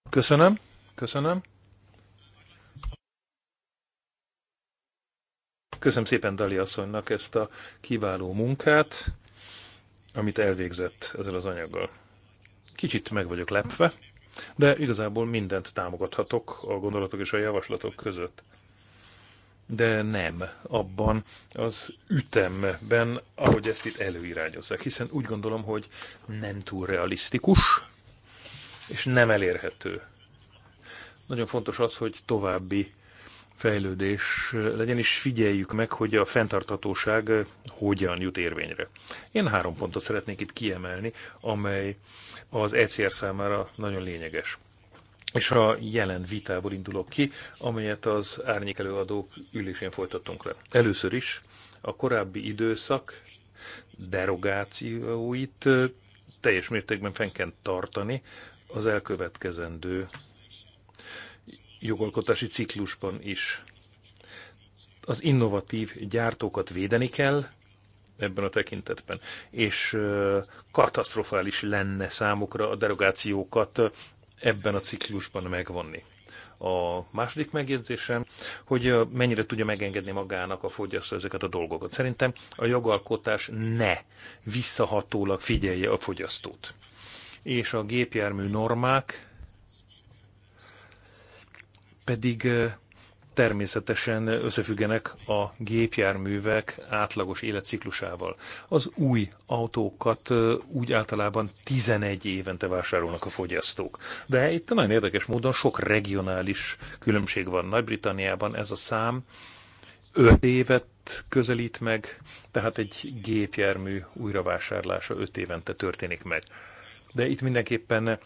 Köszönöm, köszönöm. Köszönöm szépen Dali asszonynak ezt a kiváló munkát, amit elvégzett ezzel az anyaggal. Kicsit meg vagyok lepve, de igazából mindent támogathatok a gondolatok és a javaslatok között de nem abban az ütemben, ahogy ezt itt előirányozzák, hiszen úgy gondolom, hogy nem túl realisztikus, és nem elérhető. Nagyon fontos az, hogy további fejlődés legyen, és figyeljük meg, hogy a fenntarthatóság hogyan jut érvényre. Én három pontot szeretnék itt kiemelni, amely az ECR számára nagyon lényeges és a jelen vitából indulok ki, amelyet az árnyék előadók ülésén folytattunk le. Először is a korábbi időszak derogációit teljes mértékben fenn kell tartani az elkövetkezendő jogalkotási ciklusban is. Az innovatív gyártókat védeni kell ebben a tekintetben, és katasztrofális lenne számukra a derogációkat ebben a ciklusban megvonni. A második megjegyzésem, hogy mennyire tudja megengedni magának a fogyasztó ezeket a dolgokat. Szerintem a jogalkotás ne visszahatólag figyelje a fogyasztót. És a gépjármű normák pedig természetesen összefüggenek a gépjárművek átlagos életciklusával. Az új autókat úgy általában 11 évente vásárolnak a fogyasztók. De itt nagyon érdekes módon sok regionális különbség van. Nagy-Britanniában ez a szám 5 évet közelít meg, tehát egy gépjármű újravásárlása 5 évente történik meg. De itt mindenképpen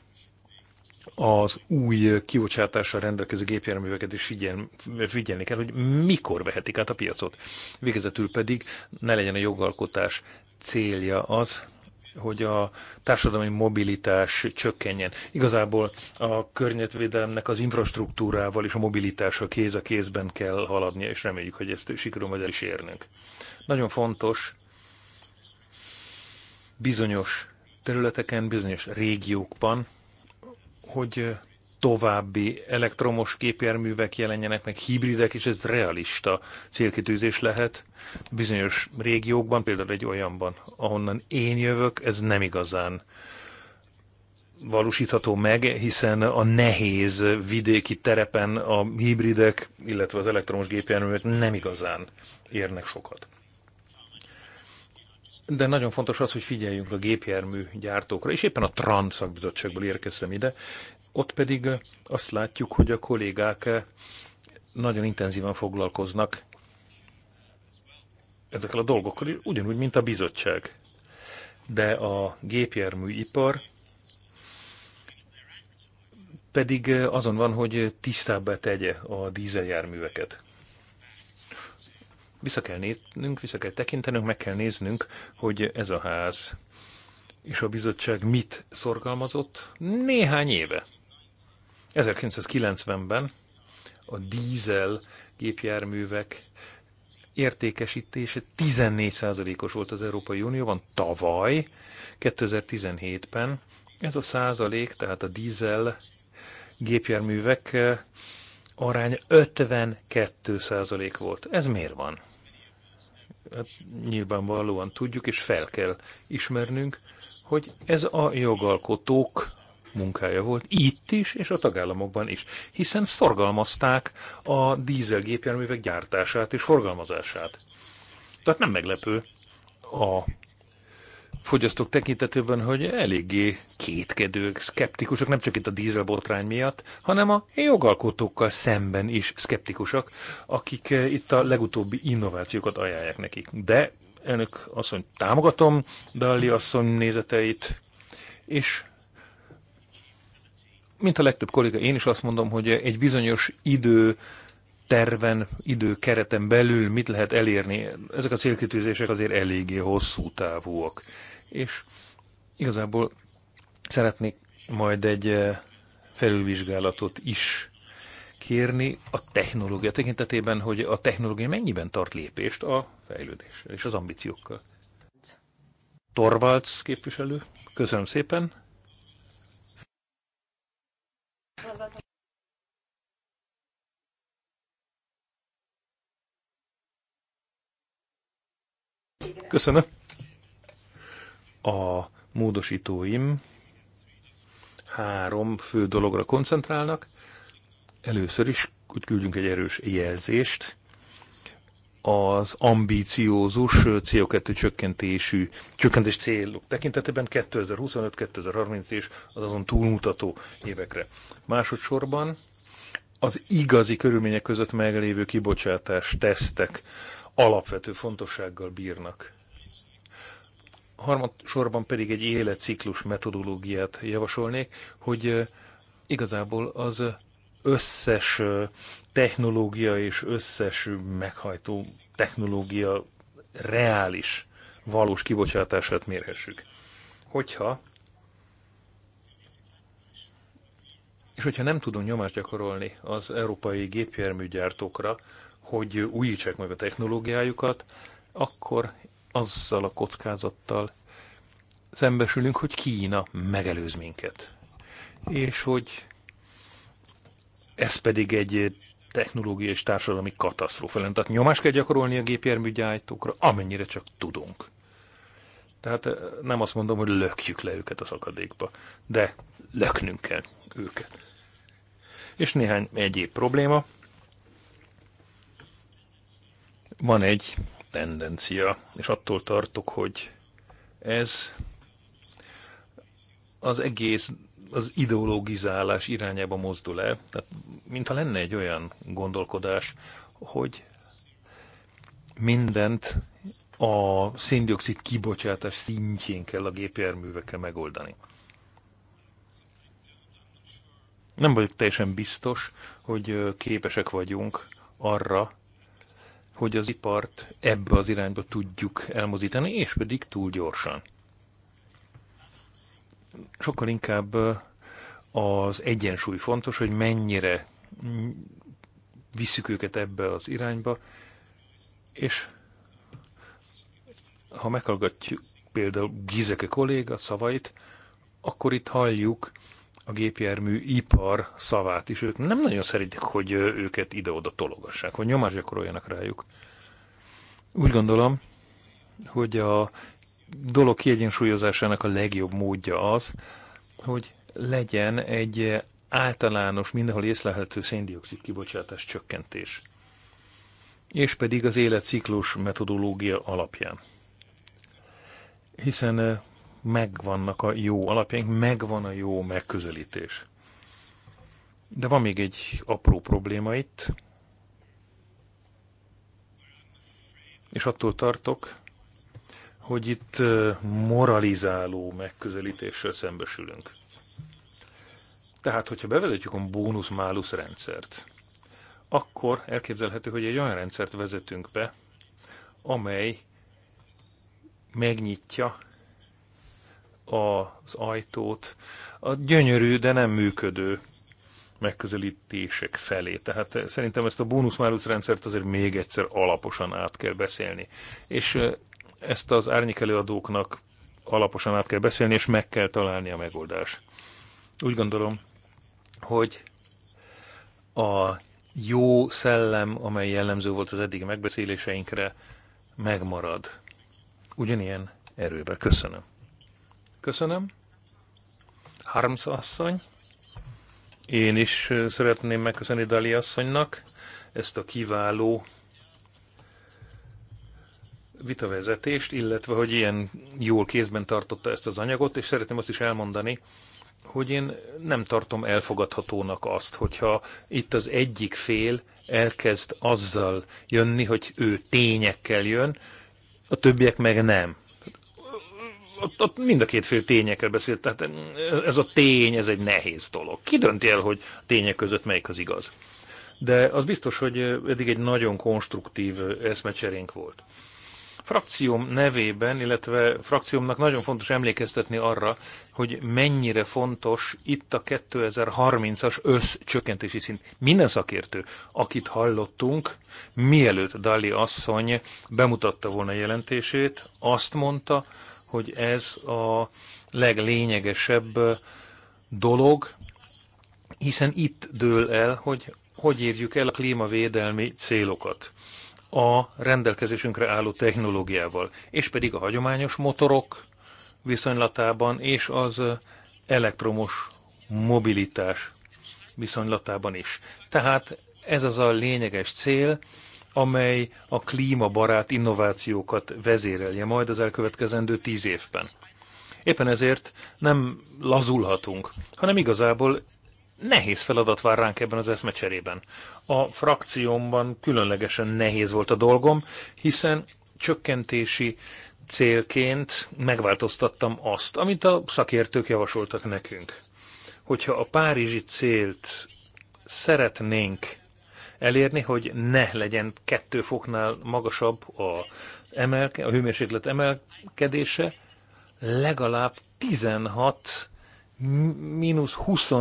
az új kibocsátással rendelkező gépjárműveket is figyel, figyelni kell, hogy mikor vehetik át a piacot. Végezetül pedig ne legyen a jogalkotás célja az, hogy a társadalmi mobilitás csökkenjen. Igazából a környezetvédelemnek az infrastruktúrával és a mobilitással kéz a kézben kell haladnia, és reméljük, hogy ezt sikerül majd el is érnünk. Nagyon fontos bizonyos területeken, bizonyos régiókban hogy további elektromos képjárművek jelenjenek meg, hibridek, és ez realista célkitűzés lehet. Bizonyos régiókban, például egy olyanban, ahonnan én jövök, ez nem igazán valósítható meg, hiszen a nehéz vidéki terepen a hibridek, illetve az elektromos gépjárművek nem igazán érnek sokat de nagyon fontos az, hogy figyeljünk a gépjármű gyártókra, és éppen a transzakbizottságból érkeztem ide, ott pedig azt látjuk, hogy a kollégák nagyon intenzíven foglalkoznak ezekkel a dolgokkal, ugyanúgy, mint a bizottság. De a gépjárműipar pedig azon van, hogy tisztábbá tegye a dízeljárműveket. Vissza kell néznünk, vissza kell tekintenünk, meg kell néznünk, hogy ez a ház és a bizottság mit szorgalmazott néhány éve. 1990-ben a dízel gépjárművek értékesítése 14%-os volt az Európai Unióban tavaly, 2017-ben. Ez a százalék, tehát a dízel gépjárművek eh, arány 52% volt. Ez miért van? hát nyilvánvalóan tudjuk, és fel kell ismernünk, hogy ez a jogalkotók munkája volt itt is, és a tagállamokban is, hiszen szorgalmazták a dízelgépjárművek gyártását és forgalmazását. Tehát nem meglepő a fogyasztók tekintetében, hogy eléggé kétkedők, szkeptikusok, nem csak itt a dízelbotrány miatt, hanem a jogalkotókkal szemben is szkeptikusak, akik eh, itt a legutóbbi innovációkat ajánlják nekik. De elnök asszony támogatom Dalli asszony nézeteit, és mint a legtöbb kolléga, én is azt mondom, hogy egy bizonyos idő terven, időkereten belül mit lehet elérni. Ezek a célkitűzések azért eléggé hosszú távúak és igazából szeretnék majd egy eh, felülvizsgálatot is kérni a technológia tekintetében, hogy a technológia mennyiben tart lépést a fejlődéssel és az ambíciókkal. Torvalds képviselő, köszönöm szépen. Köszönöm. A módosítóim három fő dologra koncentrálnak. Először is úgy küldjünk egy erős jelzést az ambíciózus CO2 csökkentésű, csökkentés célok tekintetében 2025-2030 és az azon túlmutató évekre. Másodszorban az igazi körülmények között meglévő kibocsátás tesztek alapvető fontossággal bírnak harmadsorban pedig egy életciklus metodológiát javasolnék, hogy igazából az összes technológia és összes meghajtó technológia reális, valós kibocsátását mérhessük. Hogyha és hogyha nem tudunk nyomást gyakorolni az európai gépjárműgyártókra, hogy újítsák meg a technológiájukat, akkor azzal a kockázattal szembesülünk, hogy Kína megelőz minket. És hogy ez pedig egy technológiai és társadalmi katasztrófa lenne. Tehát nyomást kell gyakorolni a gépjárműgyártókra, amennyire csak tudunk. Tehát eh, nem azt mondom, hogy lökjük le őket a szakadékba, de löknünk kell őket. És néhány egyéb probléma. Van egy tendencia, és attól tartok, hogy ez az egész az ideologizálás irányába mozdul el. Tehát, mintha lenne egy olyan gondolkodás, hogy mindent a széndiokszid kibocsátás szintjén kell a gépjárművekkel megoldani. Nem vagyok teljesen biztos, hogy képesek vagyunk arra, hogy az ipart ebbe az irányba tudjuk elmozdítani, és pedig túl gyorsan. Sokkal inkább az egyensúly fontos, hogy mennyire visszük őket ebbe az irányba, és ha meghallgatjuk például Gizeke kolléga szavait, akkor itt halljuk, a gépjármű ipar szavát is. Ők nem nagyon szeretik, hogy őket ide-oda tologassák, hogy nyomás gyakoroljanak rájuk. Úgy gondolom, hogy a dolog kiegyensúlyozásának a legjobb módja az, hogy legyen egy általános, mindenhol észlelhető széndiokszid kibocsátás csökkentés. És pedig az életciklus metodológia alapján. Hiszen megvannak a jó alapjaink, megvan a jó megközelítés. De van még egy apró probléma itt, és attól tartok, hogy itt moralizáló megközelítéssel szembesülünk. Tehát, hogyha bevezetjük a bónusz-málusz rendszert, akkor elképzelhető, hogy egy olyan rendszert vezetünk be, amely megnyitja az ajtót a gyönyörű, de nem működő megközelítések felé. Tehát eh, szerintem ezt a bónusz rendszert azért még egyszer alaposan át kell beszélni. És eh, ezt az előadóknak alaposan át kell beszélni, és meg kell találni a megoldást. Úgy gondolom, hogy a jó szellem, amely jellemző volt az eddigi megbeszéléseinkre, megmarad. Ugyanilyen erővel. Köszönöm. Köszönöm. Harms asszony. Én is szeretném megköszönni Dali asszonynak ezt a kiváló vitavezetést, illetve hogy ilyen jól kézben tartotta ezt az anyagot, és szeretném azt is elmondani, hogy én nem tartom elfogadhatónak azt, hogyha itt az egyik fél elkezd azzal jönni, hogy ő tényekkel jön, a többiek meg nem ott, ott mind a két fél tényekkel beszélt, tehát ez a tény, ez egy nehéz dolog. Ki dönti el, hogy a tények között melyik az igaz? De az biztos, hogy eddig egy nagyon konstruktív eszmecserénk volt. Frakcióm nevében, illetve frakciómnak nagyon fontos emlékeztetni arra, hogy mennyire fontos itt a 2030-as összcsökkentési szint. Minden szakértő, akit hallottunk, mielőtt Dali asszony bemutatta volna jelentését, azt mondta, hogy ez a leglényegesebb dolog, hiszen itt dől el, hogy hogy érjük el a klímavédelmi célokat a rendelkezésünkre álló technológiával, és pedig a hagyományos motorok viszonylatában és az elektromos mobilitás viszonylatában is. Tehát ez az a lényeges cél, amely a klímabarát innovációkat vezérelje majd az elkövetkezendő tíz évben. Éppen ezért nem lazulhatunk, hanem igazából nehéz feladat vár ránk ebben az eszmecserében. A frakciómban különlegesen nehéz volt a dolgom, hiszen csökkentési célként megváltoztattam azt, amit a szakértők javasoltak nekünk. Hogyha a párizsi célt szeretnénk elérni, hogy ne legyen kettő foknál magasabb a, emelke, a hőmérséklet emelkedése, legalább 16 mínusz 20,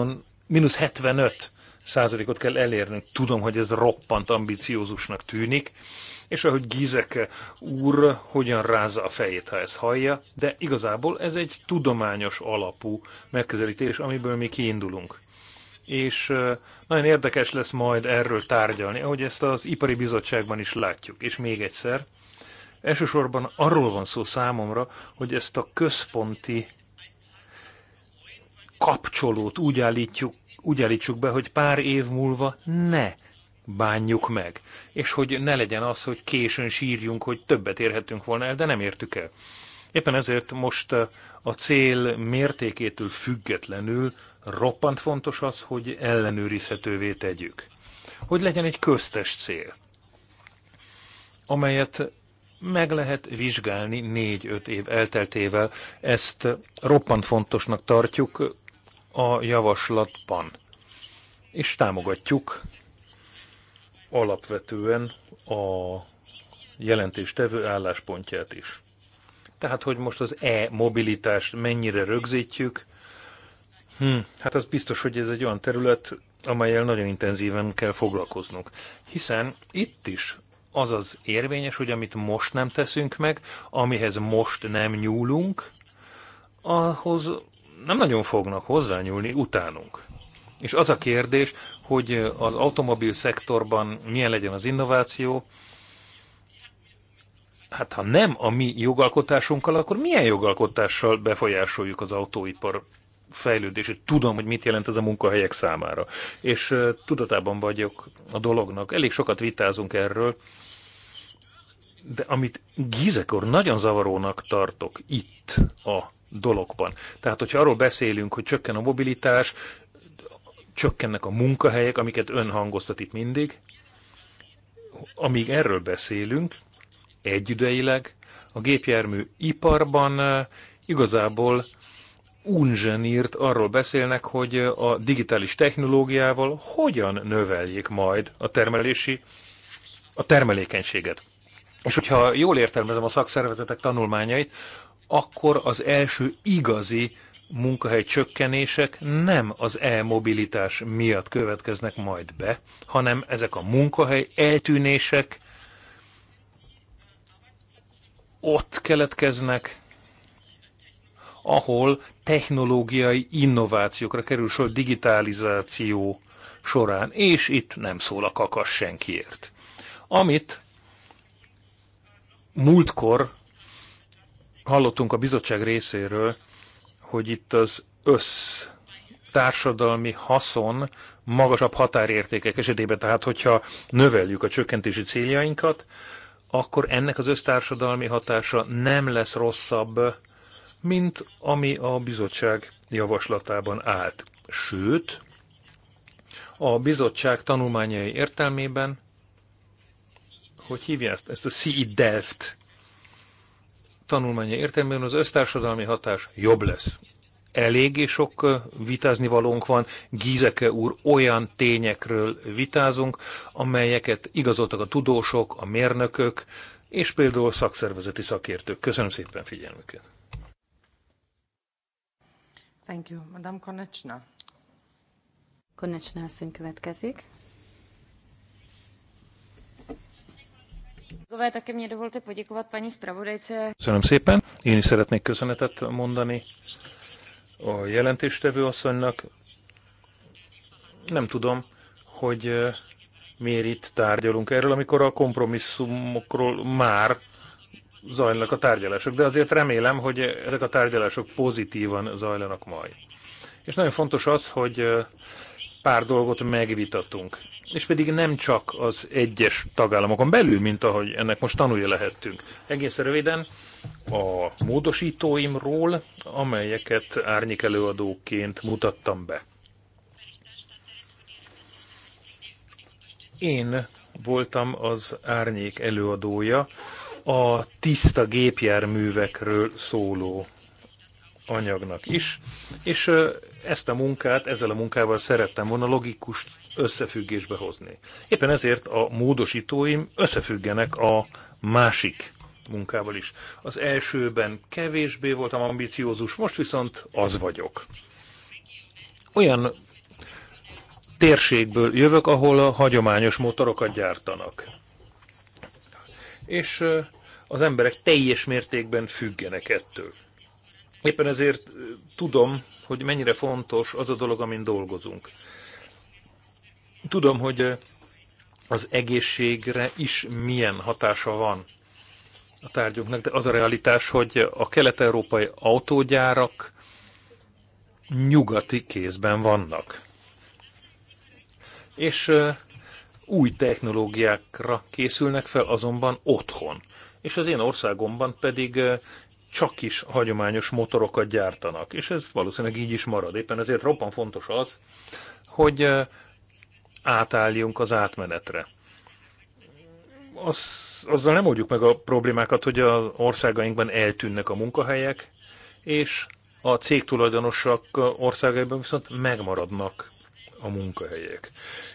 mínusz 75 százalékot kell elérnünk. Tudom, hogy ez roppant ambiciózusnak tűnik, és ahogy Gizek úr hogyan rázza a fejét, ha ezt hallja, de igazából ez egy tudományos alapú megközelítés, amiből mi kiindulunk és nagyon érdekes lesz majd erről tárgyalni, ahogy ezt az ipari bizottságban is látjuk. És még egyszer, elsősorban arról van szó számomra, hogy ezt a központi kapcsolót úgy, állítjuk, úgy állítsuk be, hogy pár év múlva ne bánjuk meg. És hogy ne legyen az, hogy későn sírjunk, hogy többet érhetünk volna el, de nem értük el. Éppen ezért most eh, a cél mértékétől függetlenül roppant fontos az, hogy ellenőrizhetővé tegyük. Hogy legyen egy köztes cél, amelyet meg lehet vizsgálni négy-öt év elteltével. Ezt roppant fontosnak tartjuk a javaslatban. És támogatjuk alapvetően a jelentéstevő álláspontját is. Tehát, hogy most az e-mobilitást mennyire rögzítjük, hm, hát az biztos, hogy ez egy olyan terület, amelyel nagyon intenzíven kell foglalkoznunk. Hiszen itt is az az érvényes, hogy amit most nem teszünk meg, amihez most nem nyúlunk, ahhoz nem nagyon fognak hozzányúlni utánunk. És az a kérdés, hogy az automobil szektorban milyen legyen az innováció, Hát ha nem a mi jogalkotásunkkal, akkor milyen jogalkotással befolyásoljuk az autóipar fejlődését? Tudom, hogy mit jelent ez a munkahelyek számára. És tudatában vagyok a dolognak. Elég sokat vitázunk erről, de amit Gizekor nagyon zavarónak tartok itt a dologban. Tehát, hogyha arról beszélünk, hogy csökken a mobilitás, csökkennek a munkahelyek, amiket ön hangoztat itt mindig, amíg erről beszélünk, együdeileg a gépjármű iparban eh, igazából unzsenírt arról beszélnek, hogy eh, a digitális technológiával hogyan növeljék majd a termelési, a termelékenységet. És hogyha jól értelmezem a szakszervezetek tanulmányait, akkor az első igazi munkahely csökkenések nem az e-mobilitás miatt következnek majd be, hanem ezek a munkahely eltűnések ott keletkeznek, ahol technológiai innovációkra kerül sor digitalizáció során, és itt nem szól a kakas senkiért. Amit múltkor hallottunk a bizottság részéről, hogy itt az össz társadalmi haszon magasabb határértékek esetében, tehát hogyha növeljük a csökkentési céljainkat, akkor ennek az össztársadalmi hatása nem lesz rosszabb, mint ami a bizottság javaslatában állt. Sőt, a bizottság tanulmányai értelmében, hogy hívják ezt, ezt a CI e Delft tanulmányai értelmében az össztársadalmi hatás jobb lesz, eléggé sok vitázni valónk van. Gízeke úr, olyan tényekről vitázunk, amelyeket igazoltak a tudósok, a mérnökök, és például szakszervezeti szakértők. Köszönöm szépen figyelmüket. Thank you. Madame Konecsna. Konecsna asszony következik. Köszönöm szépen. Én is szeretnék köszönetet mondani a jelentéstevő asszonynak. Nem tudom, hogy miért itt tárgyalunk erről, amikor a kompromisszumokról már zajlanak a tárgyalások, de azért remélem, hogy ezek a tárgyalások pozitívan zajlanak majd. És nagyon fontos az, hogy pár dolgot megvitatunk. És pedig nem csak az egyes tagállamokon belül, mint ahogy ennek most tanulja lehettünk. Egész röviden a módosítóimról, amelyeket árnyék előadóként mutattam be. Én voltam az árnyék előadója a tiszta gépjárművekről szóló anyagnak is, és ezt a munkát ezzel a munkával szerettem volna logikus összefüggésbe hozni. Éppen ezért a módosítóim összefüggenek a másik munkával is. Az elsőben kevésbé voltam ambiciózus, most viszont az vagyok. Olyan térségből jövök, ahol a hagyományos motorokat gyártanak. És az emberek teljes mértékben függenek ettől. Éppen ezért tudom, hogy mennyire fontos az a dolog, amin dolgozunk. Tudom, hogy az egészségre is milyen hatása van a tárgyunknak, de az a realitás, hogy a kelet-európai autógyárak nyugati kézben vannak. És új technológiákra készülnek fel azonban otthon. És az én országomban pedig csak is hagyományos motorokat gyártanak, és ez valószínűleg így is marad. Éppen ezért roppan fontos az, hogy átálljunk az átmenetre. Az, azzal nem oldjuk meg a problémákat, hogy az országainkban eltűnnek a munkahelyek, és a cégtulajdonosak országaiban viszont megmaradnak a munkahelyek.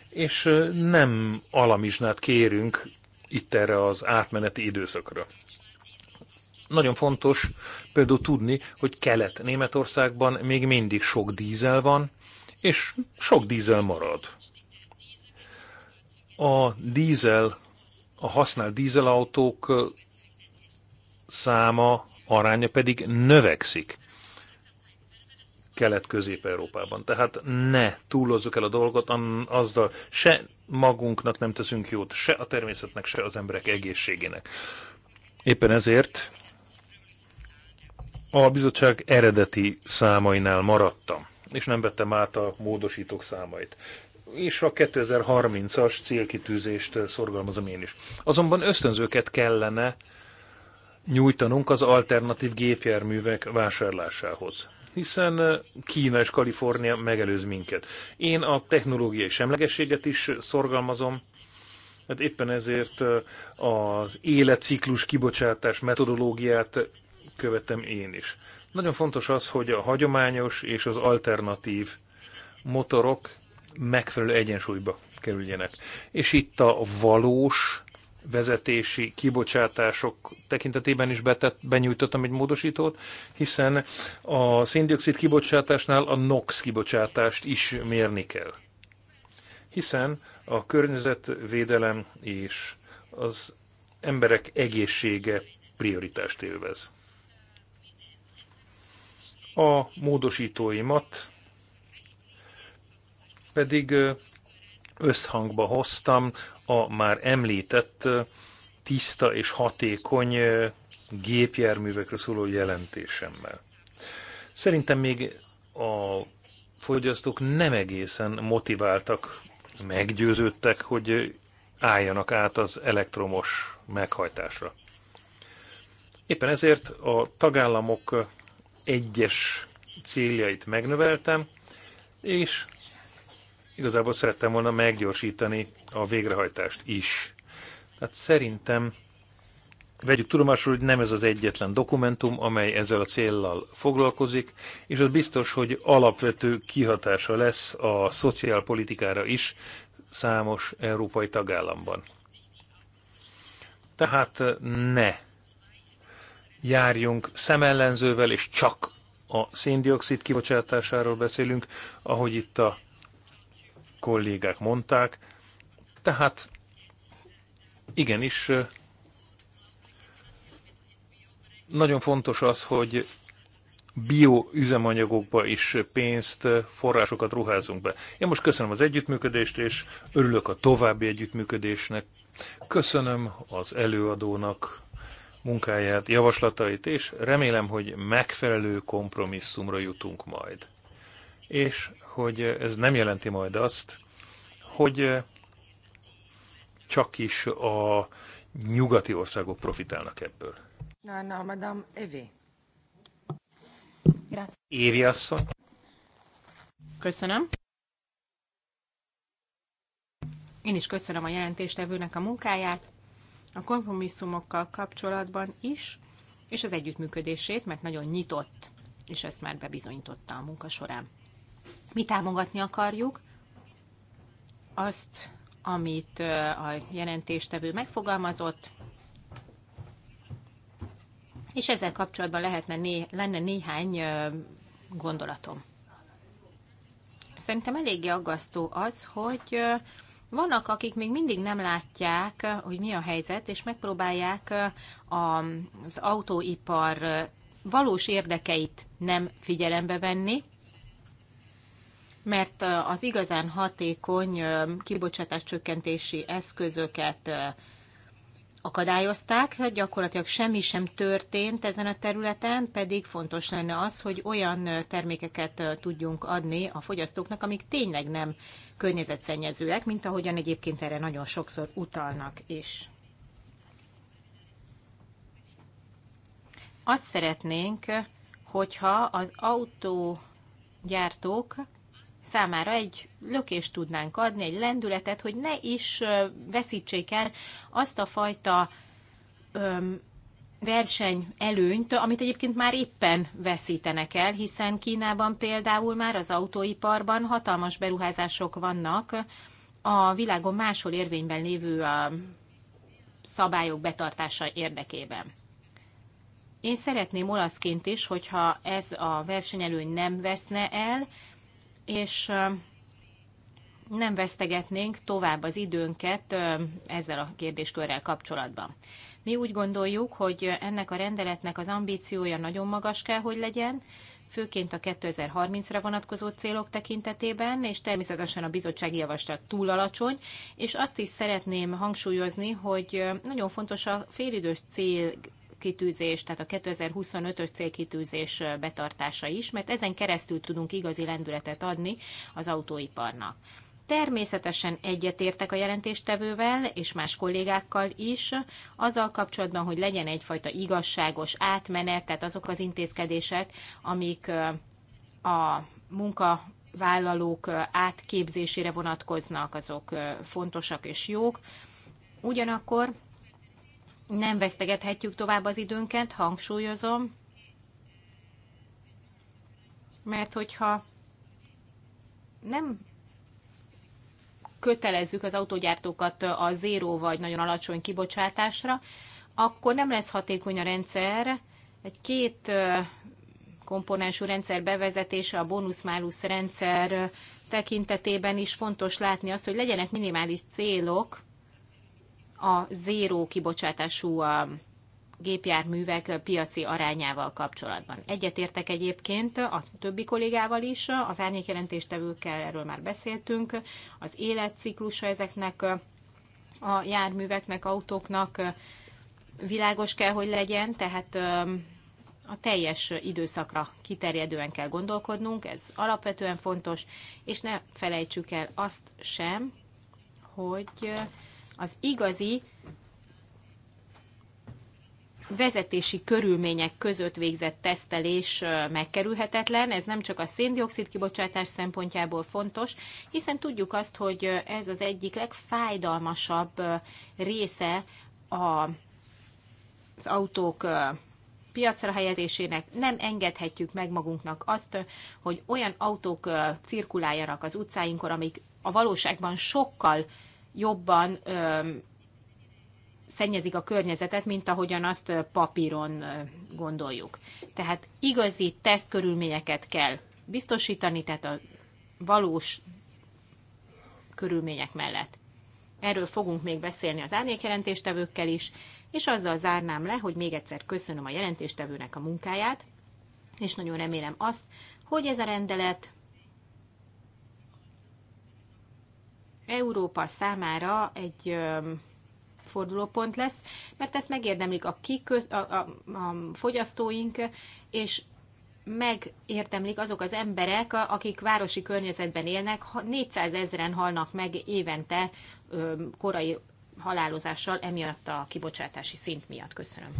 És nem alamizsnát kérünk itt erre az átmeneti időszakra nagyon fontos például tudni, hogy Kelet-Németországban még mindig sok dízel van, és sok dízel marad. A dízel, a használt dízelautók száma, aránya pedig növekszik Kelet-Közép-Európában. Tehát ne túlozzuk el a dolgot, azzal se magunknak nem teszünk jót, se a természetnek, se az emberek egészségének. Éppen ezért a bizottság eredeti számainál maradtam, és nem vettem át a módosítók számait. És a 2030-as célkitűzést szorgalmazom én is. Azonban ösztönzőket kellene nyújtanunk az alternatív gépjárművek vásárlásához hiszen Kína és Kalifornia megelőz minket. Én a technológiai semlegességet is szorgalmazom, Hát éppen ezért az életciklus kibocsátás metodológiát követem én is. Nagyon fontos az, hogy a hagyományos és az alternatív motorok megfelelő egyensúlyba kerüljenek. És itt a valós vezetési kibocsátások tekintetében is betett, benyújtottam egy módosítót, hiszen a széndiokszid kibocsátásnál a NOx kibocsátást is mérni kell. Hiszen a környezetvédelem és az emberek egészsége prioritást élvez a módosítóimat pedig összhangba hoztam a már említett tiszta és hatékony gépjárművekről szóló jelentésemmel. Szerintem még a fogyasztók nem egészen motiváltak, meggyőződtek, hogy álljanak át az elektromos meghajtásra. Éppen ezért a tagállamok egyes céljait megnöveltem, és igazából szerettem volna meggyorsítani a végrehajtást is. Tehát szerintem vegyük tudomásul, hogy nem ez az egyetlen dokumentum, amely ezzel a céllal foglalkozik, és az biztos, hogy alapvető kihatása lesz a szociálpolitikára is számos európai tagállamban. Tehát ne járjunk szemellenzővel, és csak a széndiokszid kibocsátásáról beszélünk, ahogy itt a kollégák mondták. Tehát igenis nagyon fontos az, hogy bioüzemanyagokba is pénzt, forrásokat ruházunk be. Én most köszönöm az együttműködést, és örülök a további együttműködésnek. Köszönöm az előadónak munkáját, javaslatait, és remélem, hogy megfelelő kompromisszumra jutunk majd. És hogy ez nem jelenti majd azt, hogy csak is a nyugati országok profitálnak ebből. Na, na, madame Evi. Grazie. Évi asszony. Köszönöm. Én is köszönöm a jelentéstevőnek a munkáját a kompromisszumokkal kapcsolatban is, és az együttműködését, mert nagyon nyitott, és ezt már bebizonyította a munka során. Mi támogatni akarjuk azt, amit a jelentéstevő megfogalmazott, és ezzel kapcsolatban lehetne né, lenne néhány gondolatom. Szerintem eléggé aggasztó az, hogy vannak, akik még mindig nem látják, eh, hogy mi a helyzet, és megpróbálják eh, az autóipar eh, valós érdekeit nem figyelembe venni, mert az igazán hatékony kibocsátás csökkentési eszközöket akadályozták, gyakorlatilag semmi sem történt ezen a területen, pedig fontos lenne az, hogy olyan termékeket tudjunk adni a fogyasztóknak, amik tényleg nem környezetszennyezőek, mint ahogyan egyébként erre nagyon sokszor utalnak is. Azt szeretnénk, hogyha az autógyártók számára egy lökést tudnánk adni, egy lendületet, hogy ne is veszítsék el azt a fajta öm, verseny előnyt, amit egyébként már éppen veszítenek el, hiszen Kínában például már az autóiparban hatalmas beruházások vannak a világon máshol érvényben lévő szabályok betartása érdekében. Én szeretném olaszként is, hogyha ez a versenyelőny nem veszne el, és nem vesztegetnénk tovább az időnket ezzel a kérdéskörrel kapcsolatban. Mi úgy gondoljuk, hogy ennek a rendeletnek az ambíciója nagyon magas kell, hogy legyen, főként a 2030-ra vonatkozó célok tekintetében, és természetesen a bizottsági javaslat túl alacsony, és azt is szeretném hangsúlyozni, hogy nagyon fontos a félidős cél célkitűzés, tehát a 2025-ös célkitűzés betartása is, mert ezen keresztül tudunk igazi lendületet adni az autóiparnak. Természetesen egyetértek a jelentéstevővel és más kollégákkal is, azzal kapcsolatban, hogy legyen egyfajta igazságos átmenet, tehát azok az intézkedések, amik a munka vállalók átképzésére vonatkoznak, azok fontosak és jók. Ugyanakkor nem vesztegethetjük tovább az időnket, hangsúlyozom, mert hogyha nem kötelezzük az autógyártókat a zéró vagy nagyon alacsony kibocsátásra, akkor nem lesz hatékony a rendszer. Egy két komponensú rendszer bevezetése, a bónusz-málusz rendszer tekintetében is fontos látni azt, hogy legyenek minimális célok, a zéró kibocsátású gépjárművek piaci arányával kapcsolatban. Egyetértek egyébként a többi kollégával is, az árnyékjelentéstevőkkel erről már beszéltünk, az életciklusa ezeknek a járműveknek, autóknak világos kell, hogy legyen, tehát a teljes időszakra kiterjedően kell gondolkodnunk, ez alapvetően fontos, és ne felejtsük el azt sem, hogy az igazi vezetési körülmények között végzett tesztelés megkerülhetetlen. Ez nem csak a széndiokszid kibocsátás szempontjából fontos, hiszen tudjuk azt, hogy ez az egyik legfájdalmasabb része a, az autók piacra helyezésének. Nem engedhetjük meg magunknak azt, hogy olyan autók cirkuláljanak az utcáinkon, amik a valóságban sokkal jobban szennyezik a környezetet, mint ahogyan azt papíron gondoljuk. Tehát igazi tesztkörülményeket kell biztosítani, tehát a valós körülmények mellett. Erről fogunk még beszélni az árnyékjelentéstevőkkel is, és azzal zárnám le, hogy még egyszer köszönöm a jelentéstevőnek a munkáját, és nagyon remélem azt, hogy ez a rendelet Európa számára egy fordulópont lesz, mert ezt megérdemlik a, kikö, a, a, a fogyasztóink, és megértemlik azok az emberek, akik városi környezetben élnek, 400 ezeren halnak meg évente korai halálozással emiatt a kibocsátási szint miatt. Köszönöm.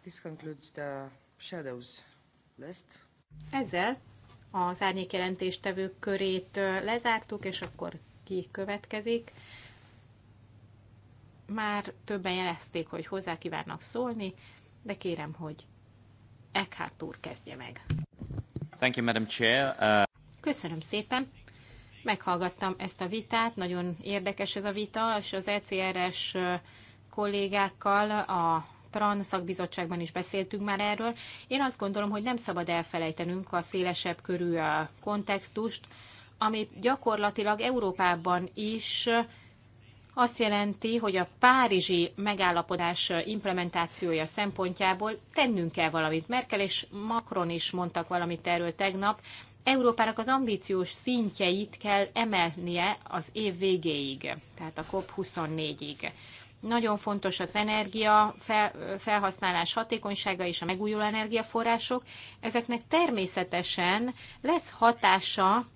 This concludes the shadows list. Ezzel az árnyékjelentéstevők körét lezártuk, és akkor ki következik. Már többen jelezték, hogy hozzá kívánnak szólni, de kérem, hogy Eckhart úr kezdje meg. Thank you, Madam Chair. Uh... Köszönöm szépen. Meghallgattam ezt a vitát, nagyon érdekes ez a vita, és az ECRS uh, kollégákkal a TRAN szakbizottságban is beszéltünk már erről. Én azt gondolom, hogy nem szabad elfelejtenünk a szélesebb körű uh, kontextust, ami gyakorlatilag Európában is azt jelenti, hogy a párizsi megállapodás implementációja szempontjából tennünk kell valamit. Merkel és Macron is mondtak valamit erről tegnap. Európának az ambíciós szintjeit kell emelnie az év végéig, tehát a COP24-ig. Nagyon fontos az energia felhasználás hatékonysága és a megújuló energiaforrások. Ezeknek természetesen lesz hatása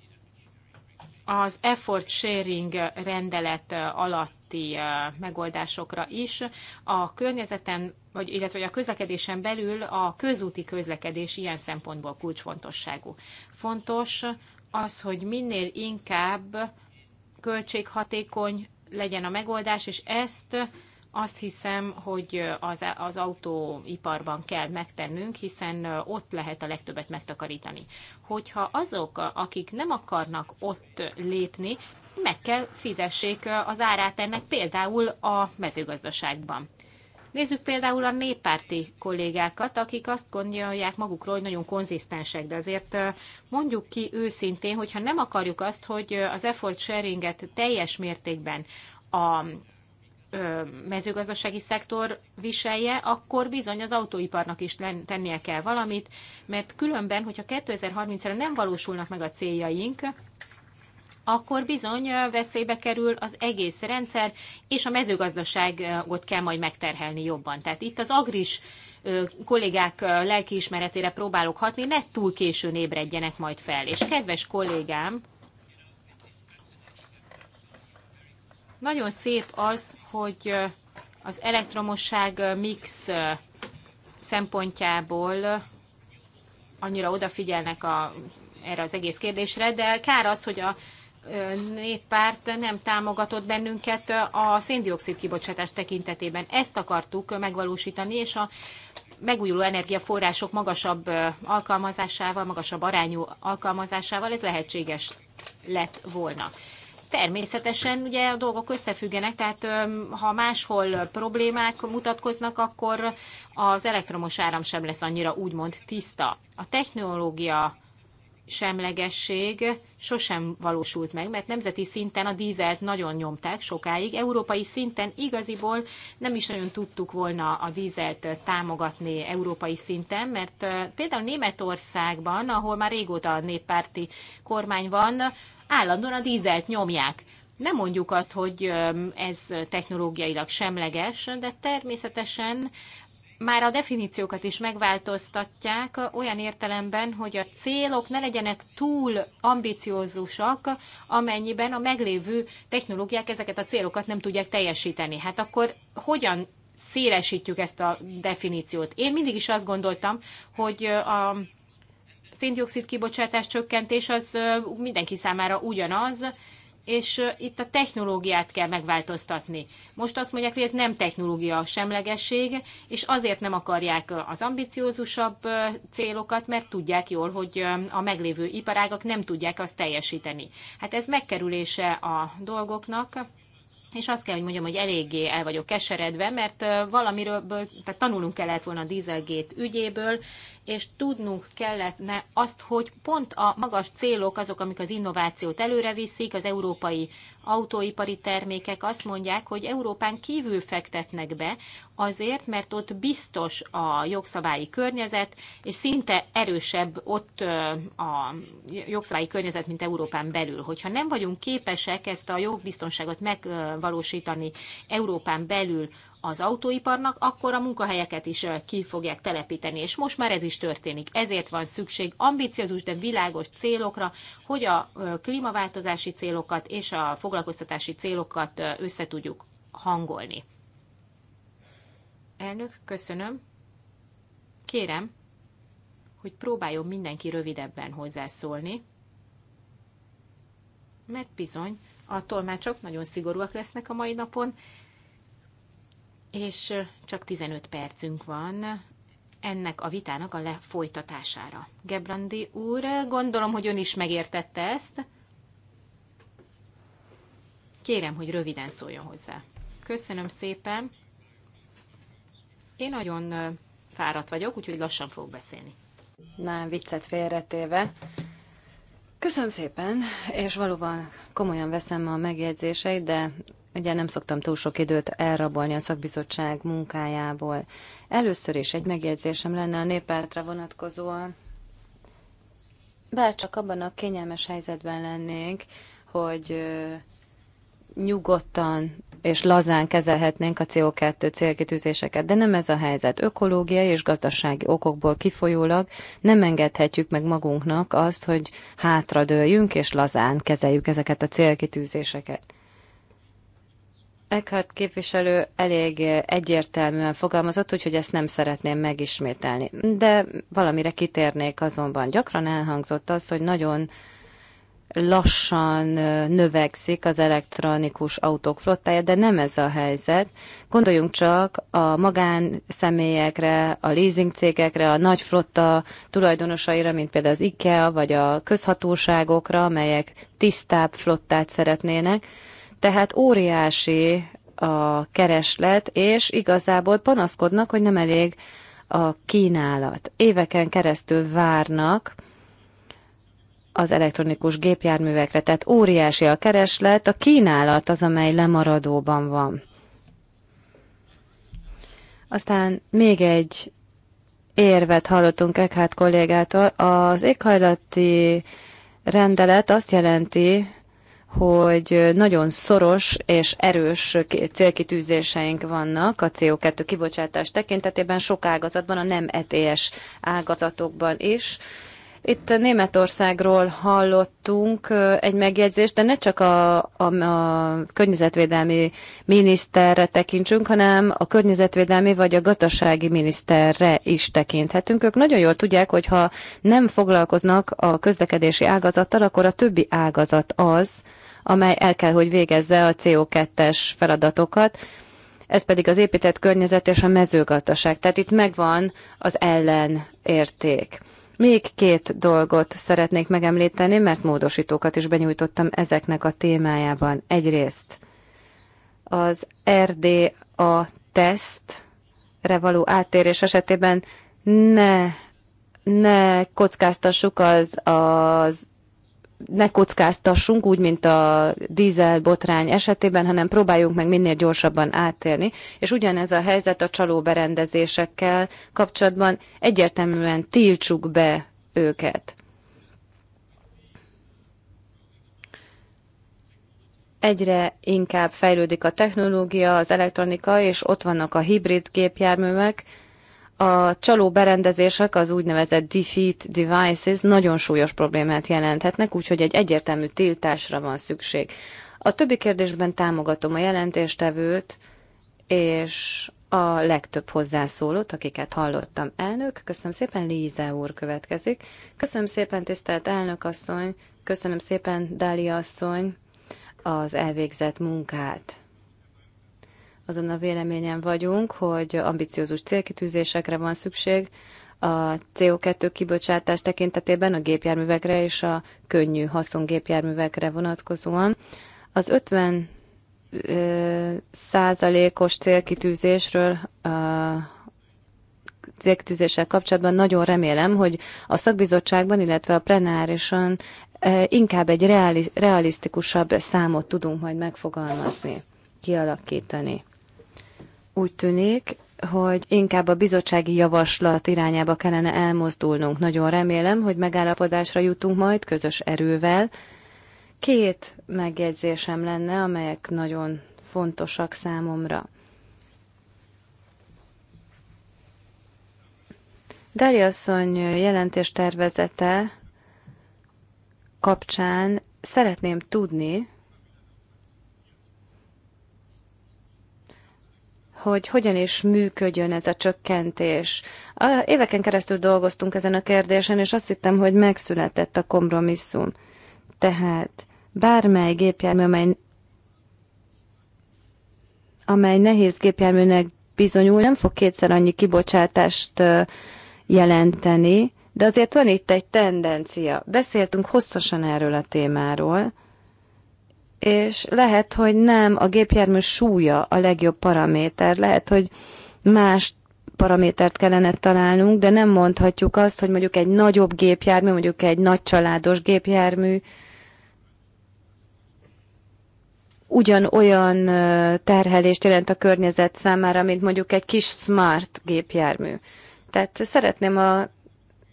az effort sharing rendelet alatti megoldásokra is a környezeten, vagy, illetve a közlekedésen belül a közúti közlekedés ilyen szempontból kulcsfontosságú. Fontos az, hogy minél inkább költséghatékony legyen a megoldás, és ezt azt hiszem, hogy az, az autóiparban kell megtennünk, hiszen ott lehet a legtöbbet megtakarítani. Hogyha azok, akik nem akarnak ott lépni, meg kell fizessék az árát ennek például a mezőgazdaságban. Nézzük például a néppárti kollégákat, akik azt gondolják magukról, hogy nagyon konzisztensek, de azért mondjuk ki őszintén, hogyha nem akarjuk azt, hogy az effort sharinget teljes mértékben a mezőgazdasági szektor viselje, akkor bizony az autóiparnak is tennie kell valamit, mert különben, hogyha 2030-ra nem valósulnak meg a céljaink, akkor bizony veszélybe kerül az egész rendszer, és a mezőgazdaságot kell majd megterhelni jobban. Tehát itt az agris kollégák lelkiismeretére próbálok hatni, ne túl későn ébredjenek majd fel. És kedves kollégám, Nagyon szép az, hogy az elektromosság mix szempontjából annyira odafigyelnek a, erre az egész kérdésre, de kár az, hogy a néppárt nem támogatott bennünket a széndiokszid kibocsátás tekintetében. Ezt akartuk megvalósítani, és a megújuló energiaforrások magasabb alkalmazásával, magasabb arányú alkalmazásával ez lehetséges lett volna. Természetesen ugye a dolgok összefüggenek, tehát ha máshol problémák mutatkoznak, akkor az elektromos áram sem lesz annyira úgymond tiszta. A technológia semlegesség sosem valósult meg, mert nemzeti szinten a dízelt nagyon nyomták sokáig, európai szinten igaziból nem is nagyon tudtuk volna a dízelt támogatni európai szinten, mert például Németországban, ahol már régóta a néppárti kormány van, állandóan a dízelt nyomják. Nem mondjuk azt, hogy ez technológiailag semleges, de természetesen már a definíciókat is megváltoztatják olyan értelemben, hogy a célok ne legyenek túl ambiciózusak, amennyiben a meglévő technológiák ezeket a célokat nem tudják teljesíteni. Hát akkor hogyan szélesítjük ezt a definíciót? Én mindig is azt gondoltam, hogy a széndiokszid kibocsátás csökkentés az mindenki számára ugyanaz, és itt a technológiát kell megváltoztatni. Most azt mondják, hogy ez nem technológia a semlegesség, és azért nem akarják az ambiciózusabb célokat, mert tudják jól, hogy a meglévő iparágak nem tudják azt teljesíteni. Hát ez megkerülése a dolgoknak, és azt kell, hogy mondjam, hogy eléggé el vagyok keseredve, mert valamiről, tehát tanulunk kellett volna a dízelgét ügyéből, és tudnunk kellettne azt, hogy pont a magas célok azok, amik az innovációt előre viszik, az európai autóipari termékek azt mondják, hogy Európán kívül fektetnek be, azért, mert ott biztos a jogszabályi környezet, és szinte erősebb ott a jogszabályi környezet, mint Európán belül. Hogyha nem vagyunk képesek ezt a jogbiztonságot megvalósítani Európán belül az autóiparnak, akkor a munkahelyeket is ki fogják telepíteni, és most már ez is történik. Ezért van szükség ambiciózus, de világos célokra, hogy a klímaváltozási célokat és a foglalkoztatási célokat összetudjuk hangolni. Elnök, köszönöm. Kérem, hogy próbáljon mindenki rövidebben hozzászólni, mert bizony a tolmácsok nagyon szigorúak lesznek a mai napon, és csak 15 percünk van ennek a vitának a lefolytatására. Gebrandi úr, gondolom, hogy ön is megértette ezt. Kérem, hogy röviden szóljon hozzá. Köszönöm szépen. Én nagyon fáradt vagyok, úgyhogy lassan fogok beszélni. Na, viccet félretéve. Köszönöm szépen, és valóban komolyan veszem a megjegyzéseit, de Ugye nem szoktam túl sok időt elrabolni a szakbizottság munkájából. Először is egy megjegyzésem lenne a néppártra vonatkozóan. Bár csak abban a kényelmes helyzetben lennénk, hogy nyugodtan és lazán kezelhetnénk a CO2 célkitűzéseket, de nem ez a helyzet. Ökológiai és gazdasági okokból kifolyólag nem engedhetjük meg magunknak azt, hogy hátradőljünk és lazán kezeljük ezeket a célkitűzéseket. Eckhart képviselő elég egyértelműen fogalmazott, úgyhogy ezt nem szeretném megismételni. De valamire kitérnék azonban. Gyakran elhangzott az, hogy nagyon lassan növekszik az elektronikus autók flottája, de nem ez a helyzet. Gondoljunk csak a magánszemélyekre, a leasing cégekre, a nagy flotta tulajdonosaira, mint például az IKEA, vagy a közhatóságokra, amelyek tisztább flottát szeretnének tehát óriási a kereslet, és igazából panaszkodnak, hogy nem elég a kínálat. Éveken keresztül várnak az elektronikus gépjárművekre, tehát óriási a kereslet, a kínálat az, amely lemaradóban van. Aztán még egy érvet hallottunk Eckhart kollégától. Az éghajlati rendelet azt jelenti, hogy nagyon szoros és erős célkitűzéseink vannak a CO2 kibocsátás tekintetében, sok ágazatban, a nem ETS ágazatokban is. Itt Németországról hallottunk egy megjegyzést, de ne csak a, a, a környezetvédelmi miniszterre tekintsünk, hanem a környezetvédelmi vagy a gazdasági miniszterre is tekinthetünk. Ők nagyon jól tudják, hogy ha nem foglalkoznak a közlekedési ágazattal, akkor a többi ágazat az, amely el kell, hogy végezze a CO2-es feladatokat, ez pedig az épített környezet és a mezőgazdaság. Tehát itt megvan az ellenérték. Még két dolgot szeretnék megemlíteni, mert módosítókat is benyújtottam ezeknek a témájában. Egyrészt az RDA tesztre való áttérés esetében ne, ne kockáztassuk az, az ne kockáztassunk, úgy, mint a dízel botrány esetében, hanem próbáljunk meg minél gyorsabban átérni. És ugyanez a helyzet a csalóberendezésekkel kapcsolatban egyértelműen tiltsuk be őket. Egyre inkább fejlődik a technológia, az elektronika, és ott vannak a hibrid gépjárművek, a csaló berendezések, az úgynevezett defeat devices nagyon súlyos problémát jelenthetnek, úgyhogy egy egyértelmű tiltásra van szükség. A többi kérdésben támogatom a jelentéstevőt, és a legtöbb hozzászólót, akiket hallottam. Elnök, köszönöm szépen, Líze úr következik. Köszönöm szépen, tisztelt elnök asszony, köszönöm szépen, Dália asszony, az elvégzett munkát azon a véleményen vagyunk, hogy ambiciózus célkitűzésekre van szükség a CO2 kibocsátás tekintetében a gépjárművekre és a könnyű gépjárművekre vonatkozóan. Az 50 százalékos célkitűzésről célkitűzéssel kapcsolatban nagyon remélem, hogy a szakbizottságban, illetve a plenárison inkább egy reali, realisztikusabb számot tudunk majd megfogalmazni, kialakítani. Úgy tűnik, hogy inkább a bizottsági javaslat irányába kellene elmozdulnunk. Nagyon remélem, hogy megállapodásra jutunk majd közös erővel. Két megjegyzésem lenne, amelyek nagyon fontosak számomra. Dali asszony jelentés tervezete kapcsán szeretném tudni, hogy hogyan is működjön ez a csökkentés. A éveken keresztül dolgoztunk ezen a kérdésen, és azt hittem, hogy megszületett a kompromisszum. Tehát bármely gépjármű, amely, amely nehéz gépjárműnek bizonyul, nem fog kétszer annyi kibocsátást jelenteni, de azért van itt egy tendencia. Beszéltünk hosszasan erről a témáról, és lehet, hogy nem a gépjármű súlya a legjobb paraméter, lehet, hogy más paramétert kellene találnunk, de nem mondhatjuk azt, hogy mondjuk egy nagyobb gépjármű, mondjuk egy nagy családos gépjármű ugyanolyan terhelést jelent a környezet számára, mint mondjuk egy kis smart gépjármű. Tehát szeretném a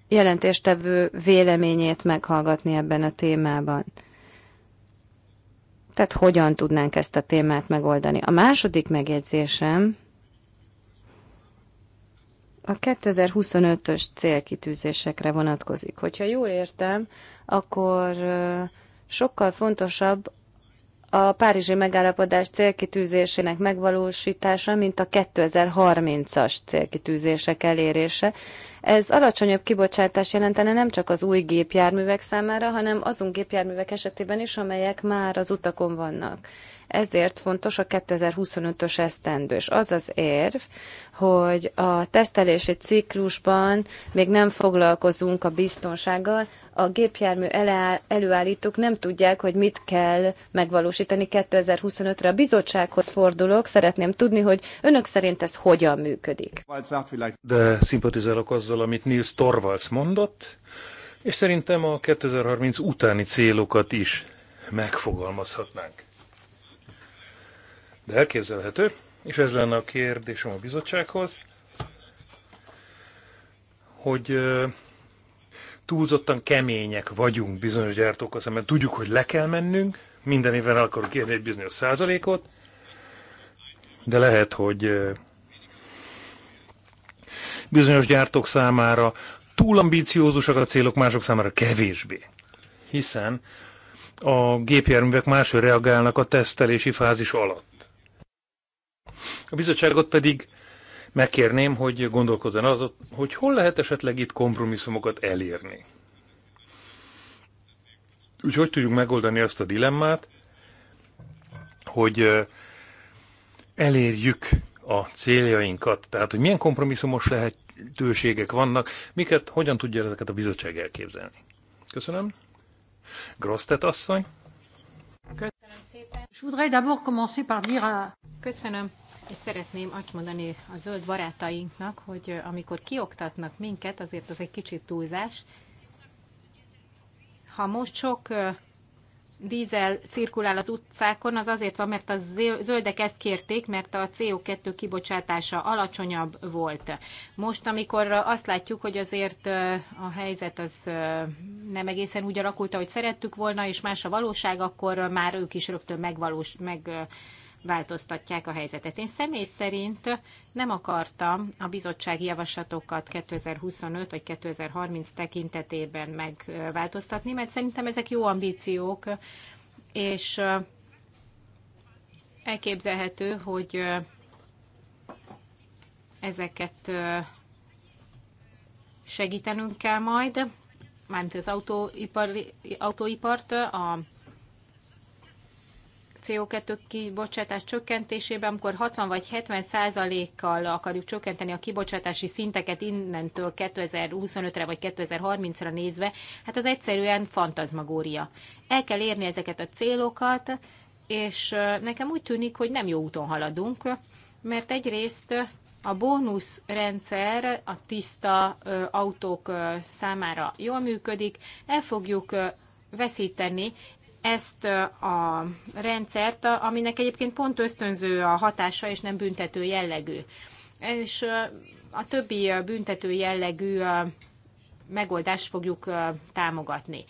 jelentéstevő véleményét meghallgatni ebben a témában. Tehát hogyan tudnánk ezt a témát megoldani? A második megjegyzésem a 2025-ös célkitűzésekre vonatkozik. Hogyha jól értem, akkor sokkal fontosabb a Párizsi megállapodás célkitűzésének megvalósítása, mint a 2030-as célkitűzések elérése, ez alacsonyabb kibocsátás jelentene nem csak az új gépjárművek számára, hanem azon gépjárművek esetében is, amelyek már az utakon vannak ezért fontos a 2025-ös esztendő. És az az érv, hogy a tesztelési ciklusban még nem foglalkozunk a biztonsággal, a gépjármű előállítók nem tudják, hogy mit kell megvalósítani 2025-re. A bizottsághoz fordulok, szeretném tudni, hogy önök szerint ez hogyan működik. De szimpatizálok azzal, amit Nils Torvalds mondott, és szerintem a 2030 utáni célokat is megfogalmazhatnánk de elképzelhető, és ez lenne a kérdésem a bizottsághoz, hogy túlzottan kemények vagyunk bizonyos gyártókkal szemben. Tudjuk, hogy le kell mennünk, minden évben el akarunk kérni egy bizonyos százalékot, de lehet, hogy bizonyos gyártók számára túl ambiciózusak a célok, mások számára kevésbé. Hiszen a gépjárművek máshogy reagálnak a tesztelési fázis alatt. A bizottságot pedig megkérném, hogy gondolkozzon az, hogy hol lehet esetleg itt kompromisszumokat elérni. Úgy hogy tudjuk megoldani azt a dilemmát, hogy elérjük a céljainkat, tehát hogy milyen kompromisszumos lehetőségek vannak, miket, hogyan tudja ezeket a bizottság elképzelni. Köszönöm. Grosztet asszony. Köszönöm, és szeretném azt mondani a zöld barátainknak, hogy eh, amikor kioktatnak minket, azért az egy kicsit túlzás. Ha most sok eh, dízel cirkulál az utcákon, az azért van, mert a zöldek ezt kérték, mert a CO2 kibocsátása alacsonyabb volt. Most, amikor azt látjuk, hogy azért a helyzet az nem egészen úgy alakult, ahogy szerettük volna, és más a valóság, akkor már ők is rögtön megvalós, meg változtatják a helyzetet. Én személy szerint nem akartam a bizottsági javaslatokat 2025 vagy 2030 tekintetében megváltoztatni, mert szerintem ezek jó ambíciók, és elképzelhető, hogy ezeket segítenünk kell majd, mármint az autóipar, autóipart, a CO2 kibocsátás csökkentésében, amikor 60 vagy 70 százalékkal akarjuk csökkenteni a kibocsátási szinteket innentől 2025-re vagy 2030-ra nézve, hát az egyszerűen fantazmagória. El kell érni ezeket a célokat, és nekem úgy tűnik, hogy nem jó úton haladunk, mert egyrészt a bónuszrendszer a tiszta autók számára jól működik, el fogjuk veszíteni ezt a rendszert, aminek egyébként pont ösztönző a hatása, és nem büntető jellegű. És a többi büntető jellegű megoldást fogjuk támogatni.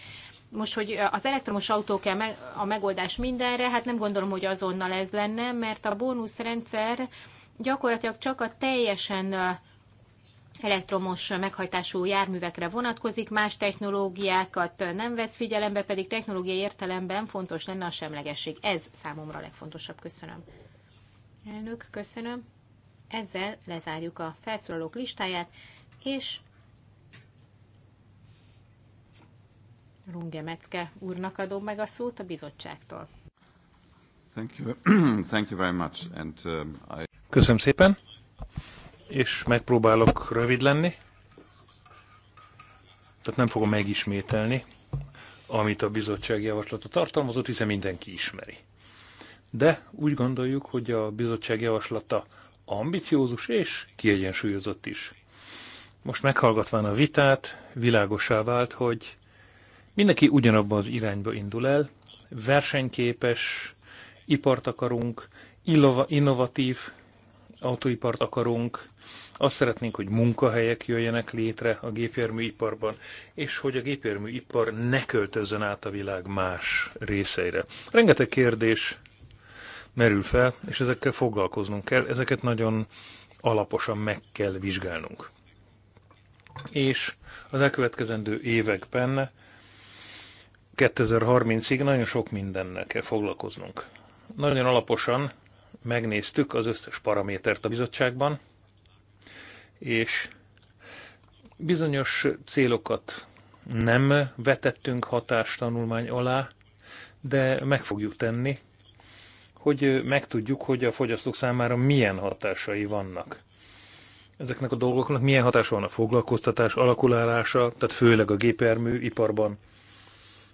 Most, hogy az elektromos autók e a megoldás mindenre, hát nem gondolom, hogy azonnal ez lenne, mert a bónuszrendszer gyakorlatilag csak a teljesen elektromos meghajtású járművekre vonatkozik, más technológiákat nem vesz figyelembe, pedig technológiai értelemben fontos lenne a semlegesség. Ez számomra a legfontosabb. Köszönöm. Elnök, köszönöm. Ezzel lezárjuk a felszólalók listáját, és Runge Mecke úrnak adom meg a szót a bizottságtól. Thank you. Thank you very much. And, um, I... Köszönöm szépen és megpróbálok rövid lenni. Tehát nem fogom megismételni, amit a bizottság javaslata tartalmazott, hiszen mindenki ismeri. De úgy gondoljuk, hogy a bizottság javaslata ambiciózus és kiegyensúlyozott is. Most meghallgatván a vitát, világosá vált, hogy mindenki ugyanabban az irányba indul el, versenyképes ipart akarunk, innovatív autóipart akarunk, azt szeretnénk, hogy munkahelyek jöjjenek létre a gépjárműiparban, és hogy a gépjárműipar ne költözzön át a világ más részeire. Rengeteg kérdés merül fel, és ezekkel foglalkoznunk kell, ezeket nagyon alaposan meg kell vizsgálnunk. És az elkövetkezendő években 2030-ig nagyon sok mindennel kell foglalkoznunk. Nagyon alaposan megnéztük az összes paramétert a bizottságban, és bizonyos célokat nem vetettünk hatástanulmány alá, de meg fogjuk tenni, hogy megtudjuk, hogy a fogyasztók számára milyen hatásai vannak. Ezeknek a dolgoknak milyen hatása van a foglalkoztatás alakulálása, tehát főleg a gépermű iparban.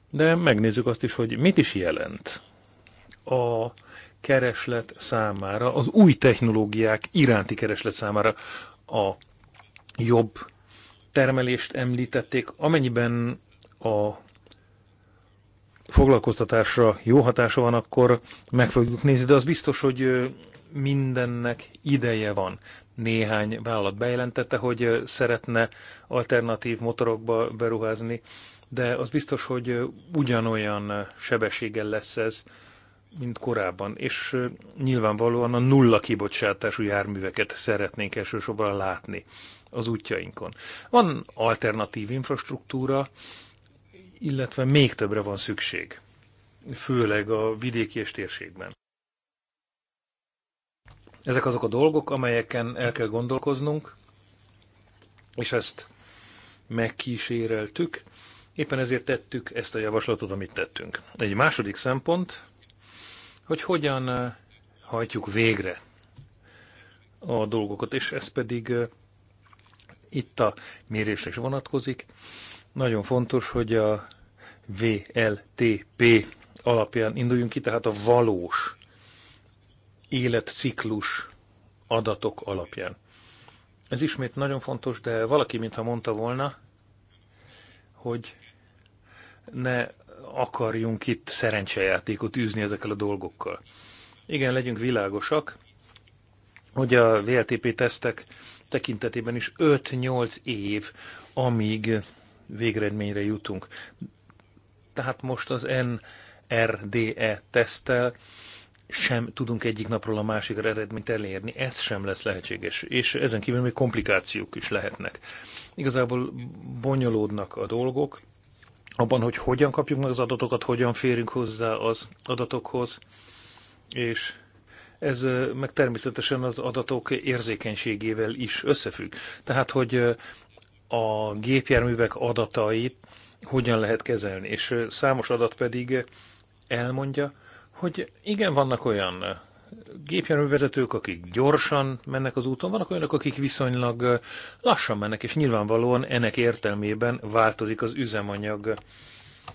De megnézzük azt is, hogy mit is jelent a kereslet számára, az új technológiák iránti kereslet számára a jobb termelést említették. Amennyiben a foglalkoztatásra jó hatása van, akkor meg fogjuk nézni, de az biztos, hogy mindennek ideje van. Néhány vállalat bejelentette, hogy szeretne alternatív motorokba beruházni, de az biztos, hogy ugyanolyan sebességgel lesz ez, mint korábban, és nyilvánvalóan a nulla kibocsátású járműveket szeretnénk elsősorban látni az útjainkon. Van alternatív infrastruktúra, illetve még többre van szükség, főleg a vidéki és térségben. Ezek azok a dolgok, amelyeken el kell gondolkoznunk, és ezt megkíséreltük, éppen ezért tettük ezt a javaslatot, amit tettünk. Egy második szempont, hogy hogyan eh, hajtjuk végre a dolgokat, és ez pedig eh, itt a mérésre is vonatkozik. Nagyon fontos, hogy a VLTP alapján induljunk ki, tehát a valós életciklus adatok alapján. Ez ismét nagyon fontos, de valaki mintha mondta volna, hogy ne akarjunk itt szerencsejátékot űzni ezekkel a dolgokkal. Igen, legyünk világosak, hogy a VLTP tesztek tekintetében is 5-8 év, amíg végeredményre jutunk. Tehát most az NRDE tesztel sem tudunk egyik napról a másikra eredményt elérni, ez sem lesz lehetséges, és ezen kívül még komplikációk is lehetnek. Igazából bonyolódnak a dolgok, abban, hogy hogyan kapjuk meg az adatokat, hogyan férünk hozzá az adatokhoz, és ez meg természetesen az adatok érzékenységével is összefügg. Tehát, hogy a gépjárművek adatait hogyan lehet kezelni, és számos adat pedig elmondja, hogy igen, vannak olyan gépjárművezetők, akik gyorsan mennek az úton, vannak olyanok, akik viszonylag lassan mennek, és nyilvánvalóan ennek értelmében változik az üzemanyag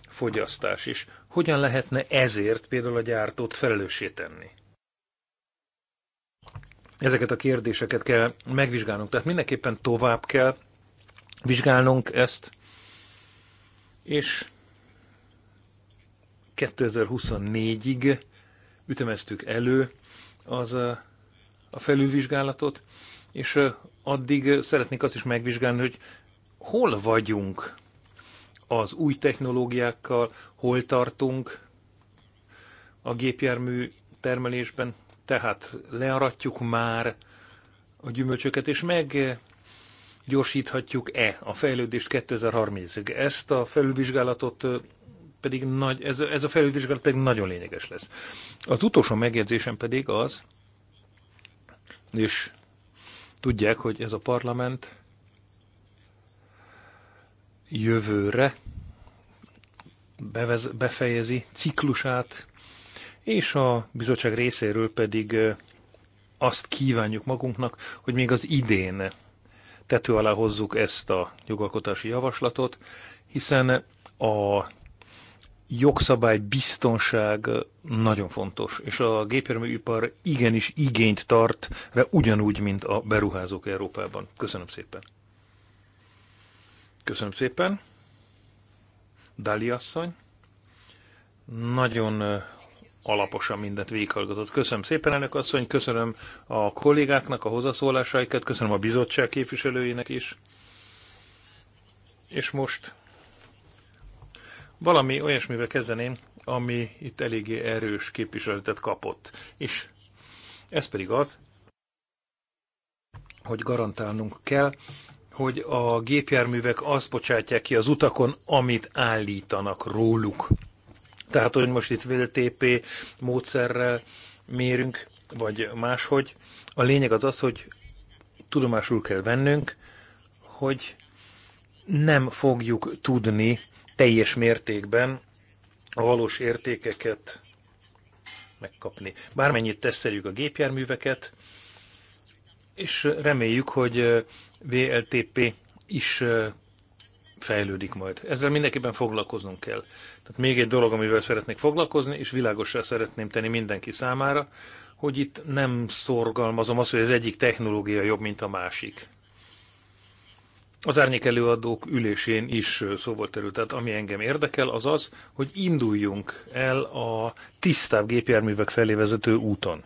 fogyasztás is. Hogyan lehetne ezért például a gyártót felelőssé tenni? Ezeket a kérdéseket kell megvizsgálnunk, tehát mindenképpen tovább kell vizsgálnunk ezt, és 2024-ig ütemeztük elő az a felülvizsgálatot, és addig szeretnék azt is megvizsgálni, hogy hol vagyunk az új technológiákkal, hol tartunk a gépjármű termelésben, tehát learatjuk már a gyümölcsöket, és meg gyorsíthatjuk-e a fejlődést 2030-ig. Ezt a felülvizsgálatot pedig nagy, ez, ez a felülvizsgálat pedig nagyon lényeges lesz. Az utolsó megjegyzésem pedig az, és tudják, hogy ez a parlament jövőre bevez, befejezi ciklusát, és a bizottság részéről pedig azt kívánjuk magunknak, hogy még az idén tető alá hozzuk ezt a jogalkotási javaslatot, hiszen a jogszabály, biztonság nagyon fontos, és a gépjárműipar igenis igényt tart rá ugyanúgy, mint a beruházók Európában. Köszönöm szépen. Köszönöm szépen. Dali asszony. Nagyon alaposan mindent végighallgatott. Köszönöm szépen, elnök asszony, köszönöm a kollégáknak a hozzászólásaikat, köszönöm a bizottság képviselőinek is. És most valami olyasmivel kezdeném, ami itt eléggé erős képviseletet kapott. És ez pedig az, hogy garantálnunk kell, hogy a gépjárművek azt bocsátják ki az utakon, amit állítanak róluk. Tehát, hogy most itt VLTP módszerrel mérünk, vagy máshogy. A lényeg az az, hogy tudomásul kell vennünk, hogy nem fogjuk tudni teljes mértékben a valós értékeket megkapni. Bármennyit teszeljük a gépjárműveket, és reméljük, hogy VLTP is fejlődik majd. Ezzel mindenképpen foglalkoznunk kell. Tehát még egy dolog, amivel szeretnék foglalkozni, és világosra szeretném tenni mindenki számára, hogy itt nem szorgalmazom azt, hogy az egyik technológia jobb, mint a másik az árnyék előadók ülésén is szó volt erről. Tehát ami engem érdekel, az az, hogy induljunk el a tisztább gépjárművek felé vezető úton.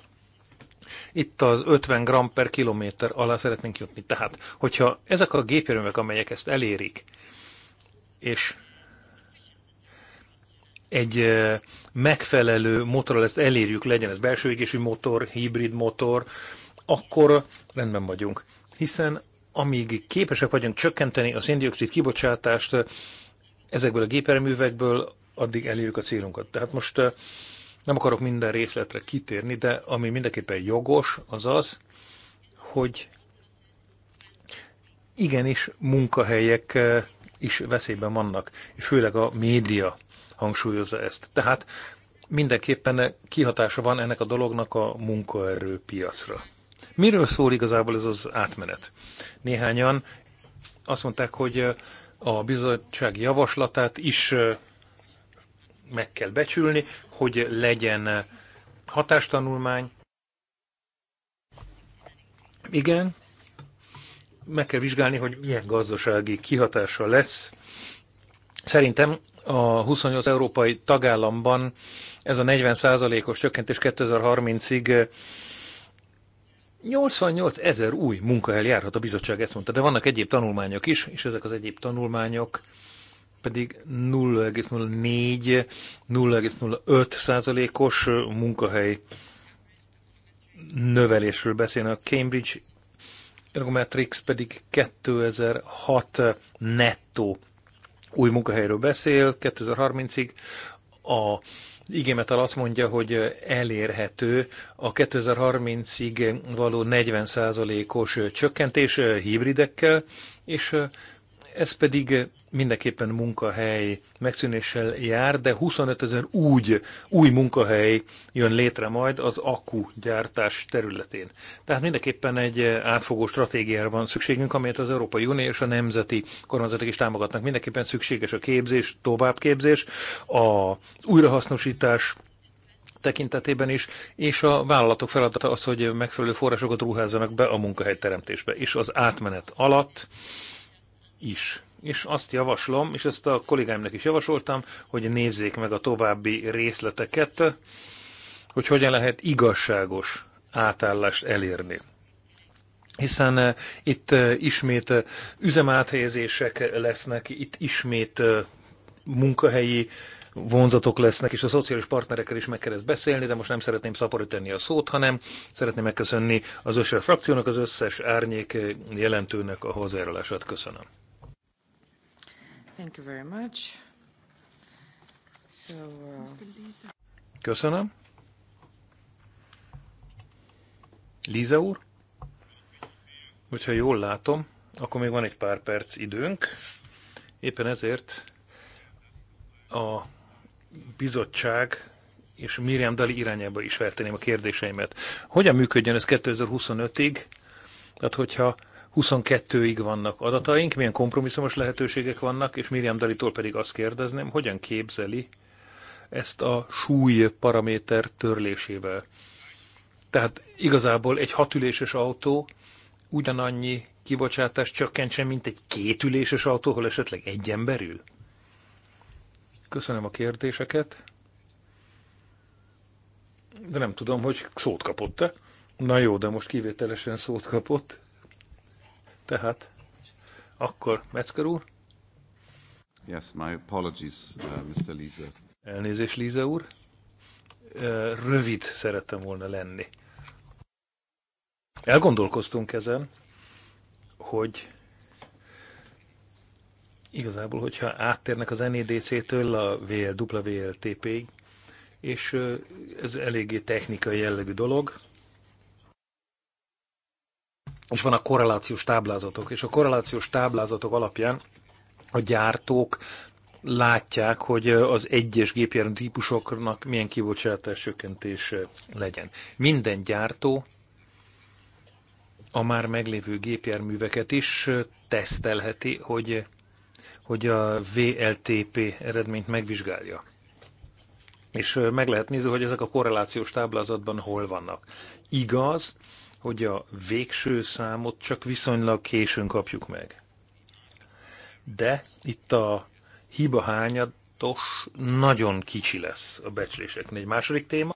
Itt az 50 gram per kilométer alá szeretnénk jutni. Tehát, hogyha ezek a gépjárművek, amelyek ezt elérik, és egy megfelelő motorral ezt elérjük, legyen ez belső égésű motor, hibrid motor, akkor rendben vagyunk. Hiszen amíg képesek vagyunk csökkenteni a széndiokszid kibocsátást eh, ezekből a géperművekből, addig elérjük a célunkat. Tehát most eh, nem akarok minden részletre kitérni, de ami mindenképpen jogos, az az, hogy igenis munkahelyek eh, is veszélyben vannak, és főleg a média hangsúlyozza ezt. Tehát mindenképpen kihatása van ennek a dolognak a munkaerőpiacra. Miről szól igazából ez az átmenet? Néhányan azt mondták, hogy a bizottság javaslatát is meg kell becsülni, hogy legyen hatástanulmány. Igen, meg kell vizsgálni, hogy milyen gazdasági kihatása lesz. Szerintem a 28 európai tagállamban ez a 40 os csökkentés 2030-ig 88 ezer új munkahely járhat, a bizottság ezt mondta, de vannak egyéb tanulmányok is, és ezek az egyéb tanulmányok pedig 0,04-0,05 százalékos munkahely növelésről beszél. A Cambridge Ergometrics pedig 2006 nettó új munkahelyről beszél, 2030-ig a igémet azt mondja, hogy elérhető a 2030-ig való 40%-os csökkentés hibridekkel, és ez pedig mindenképpen munkahely megszűnéssel jár, de 25 ezer úgy, új munkahely jön létre majd az gyártás területén. Tehát mindenképpen egy átfogó stratégiára van szükségünk, amelyet az Európai Unió és a nemzeti kormányzatok is támogatnak. Mindenképpen szükséges a képzés, továbbképzés, a újrahasznosítás, tekintetében is, és a vállalatok feladata az, hogy megfelelő forrásokat ruházzanak be a munkahelyteremtésbe. És az átmenet alatt is. És azt javaslom, és ezt a kollégáimnak is javasoltam, hogy nézzék meg a további részleteket, hogy hogyan lehet igazságos átállást elérni hiszen eh, itt eh, ismét eh, üzemáthelyezések lesznek, itt ismét munkahelyi vonzatok lesznek, és a szociális partnerekkel is meg kell ezt beszélni, de most nem szeretném szaporítani a szót, hanem szeretném megköszönni az összes frakciónak, az összes árnyék jelentőnek a hozzájárulását. Köszönöm. Thank you very much. So, uh... Köszönöm. Líza úr, hogyha jól látom, akkor még van egy pár perc időnk. Éppen ezért a bizottság és Miriam Dali irányába is felteném a kérdéseimet. Hogyan működjön ez 2025-ig? Tehát, hogyha 22-ig vannak adataink, milyen kompromisszumos lehetőségek vannak, és Miriam Dalitól pedig azt kérdezném, hogyan képzeli ezt a súly paraméter törlésével. Tehát igazából egy hatüléses autó ugyanannyi kibocsátást csökkentsen, mint egy kétüléses autó, hol esetleg egy ember ül? Köszönöm a kérdéseket. De nem tudom, hogy szót kapott-e. Na jó, de most kivételesen szót kapott. Tehát akkor Metzger úr? Yes, my apologies, uh, Mr. Lisa. Elnézést, Liza úr. Rövid szerettem volna lenni. Elgondolkoztunk ezen, hogy igazából, hogyha áttérnek az NEDC-től a VL WLTP-ig, és ez eléggé technikai jellegű dolog, és van a korrelációs táblázatok, és a korrelációs táblázatok alapján a gyártók látják, hogy az egyes gépjármű típusoknak milyen kibocsátás csökkentés legyen. Minden gyártó a már meglévő gépjárműveket is tesztelheti, hogy, hogy a VLTP eredményt megvizsgálja. És meg lehet nézni, hogy ezek a korrelációs táblázatban hol vannak. Igaz, hogy a végső számot csak viszonylag későn kapjuk meg. De itt a hiba hányados nagyon kicsi lesz a becsléseknél. Egy második téma,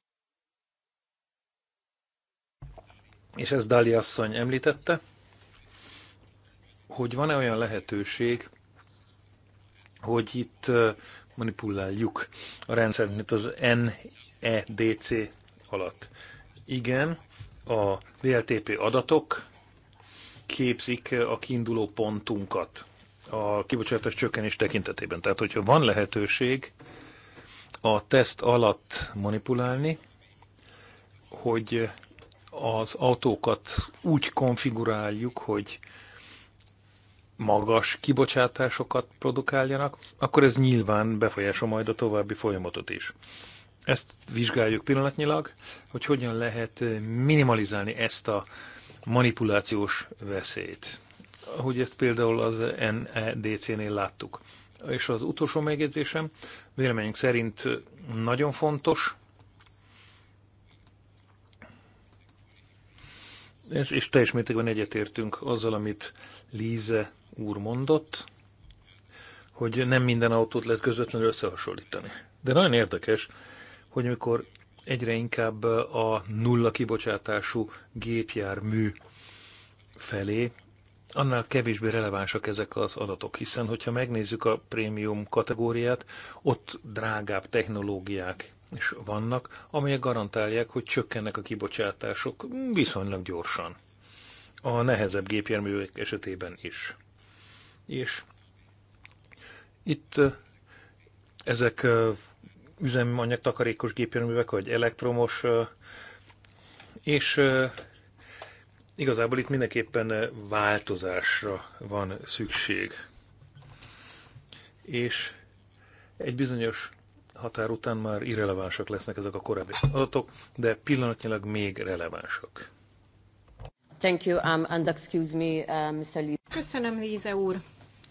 és ezt Dali asszony említette, hogy van-e olyan lehetőség, hogy itt manipuláljuk a rendszert, mint az NEDC alatt. Igen, a DLTP adatok képzik a kiinduló pontunkat a kibocsátás csökkenés tekintetében. Tehát, hogyha van lehetőség a teszt alatt manipulálni, hogy az autókat úgy konfiguráljuk, hogy magas kibocsátásokat produkáljanak, akkor ez nyilván befolyásol majd a további folyamatot is. Ezt vizsgáljuk pillanatnyilag, hogy hogyan lehet minimalizálni ezt a manipulációs veszélyt. Ahogy ezt például az NEDC-nél láttuk. És az utolsó megjegyzésem, véleményünk szerint nagyon fontos, Ez, és teljes mértékben egyetértünk azzal, amit Líze úr mondott, hogy nem minden autót lehet közvetlenül összehasonlítani. De nagyon érdekes, hogy amikor egyre inkább a nulla kibocsátású gépjármű felé, annál kevésbé relevánsak ezek az adatok, hiszen hogyha megnézzük a prémium kategóriát, ott drágább technológiák is vannak, amelyek garantálják, hogy csökkennek a kibocsátások viszonylag gyorsan. A nehezebb gépjárművek esetében is. És itt eh, ezek eh, üzemanyag takarékos gépjárművek, vagy elektromos, és igazából itt mindenképpen változásra van szükség. És egy bizonyos határ után már irrelevánsak lesznek ezek a korábbi adatok, de pillanatnyilag még relevánsak. Thank you, um, and excuse me, uh, Mr. Lee. Köszönöm, Líze úr.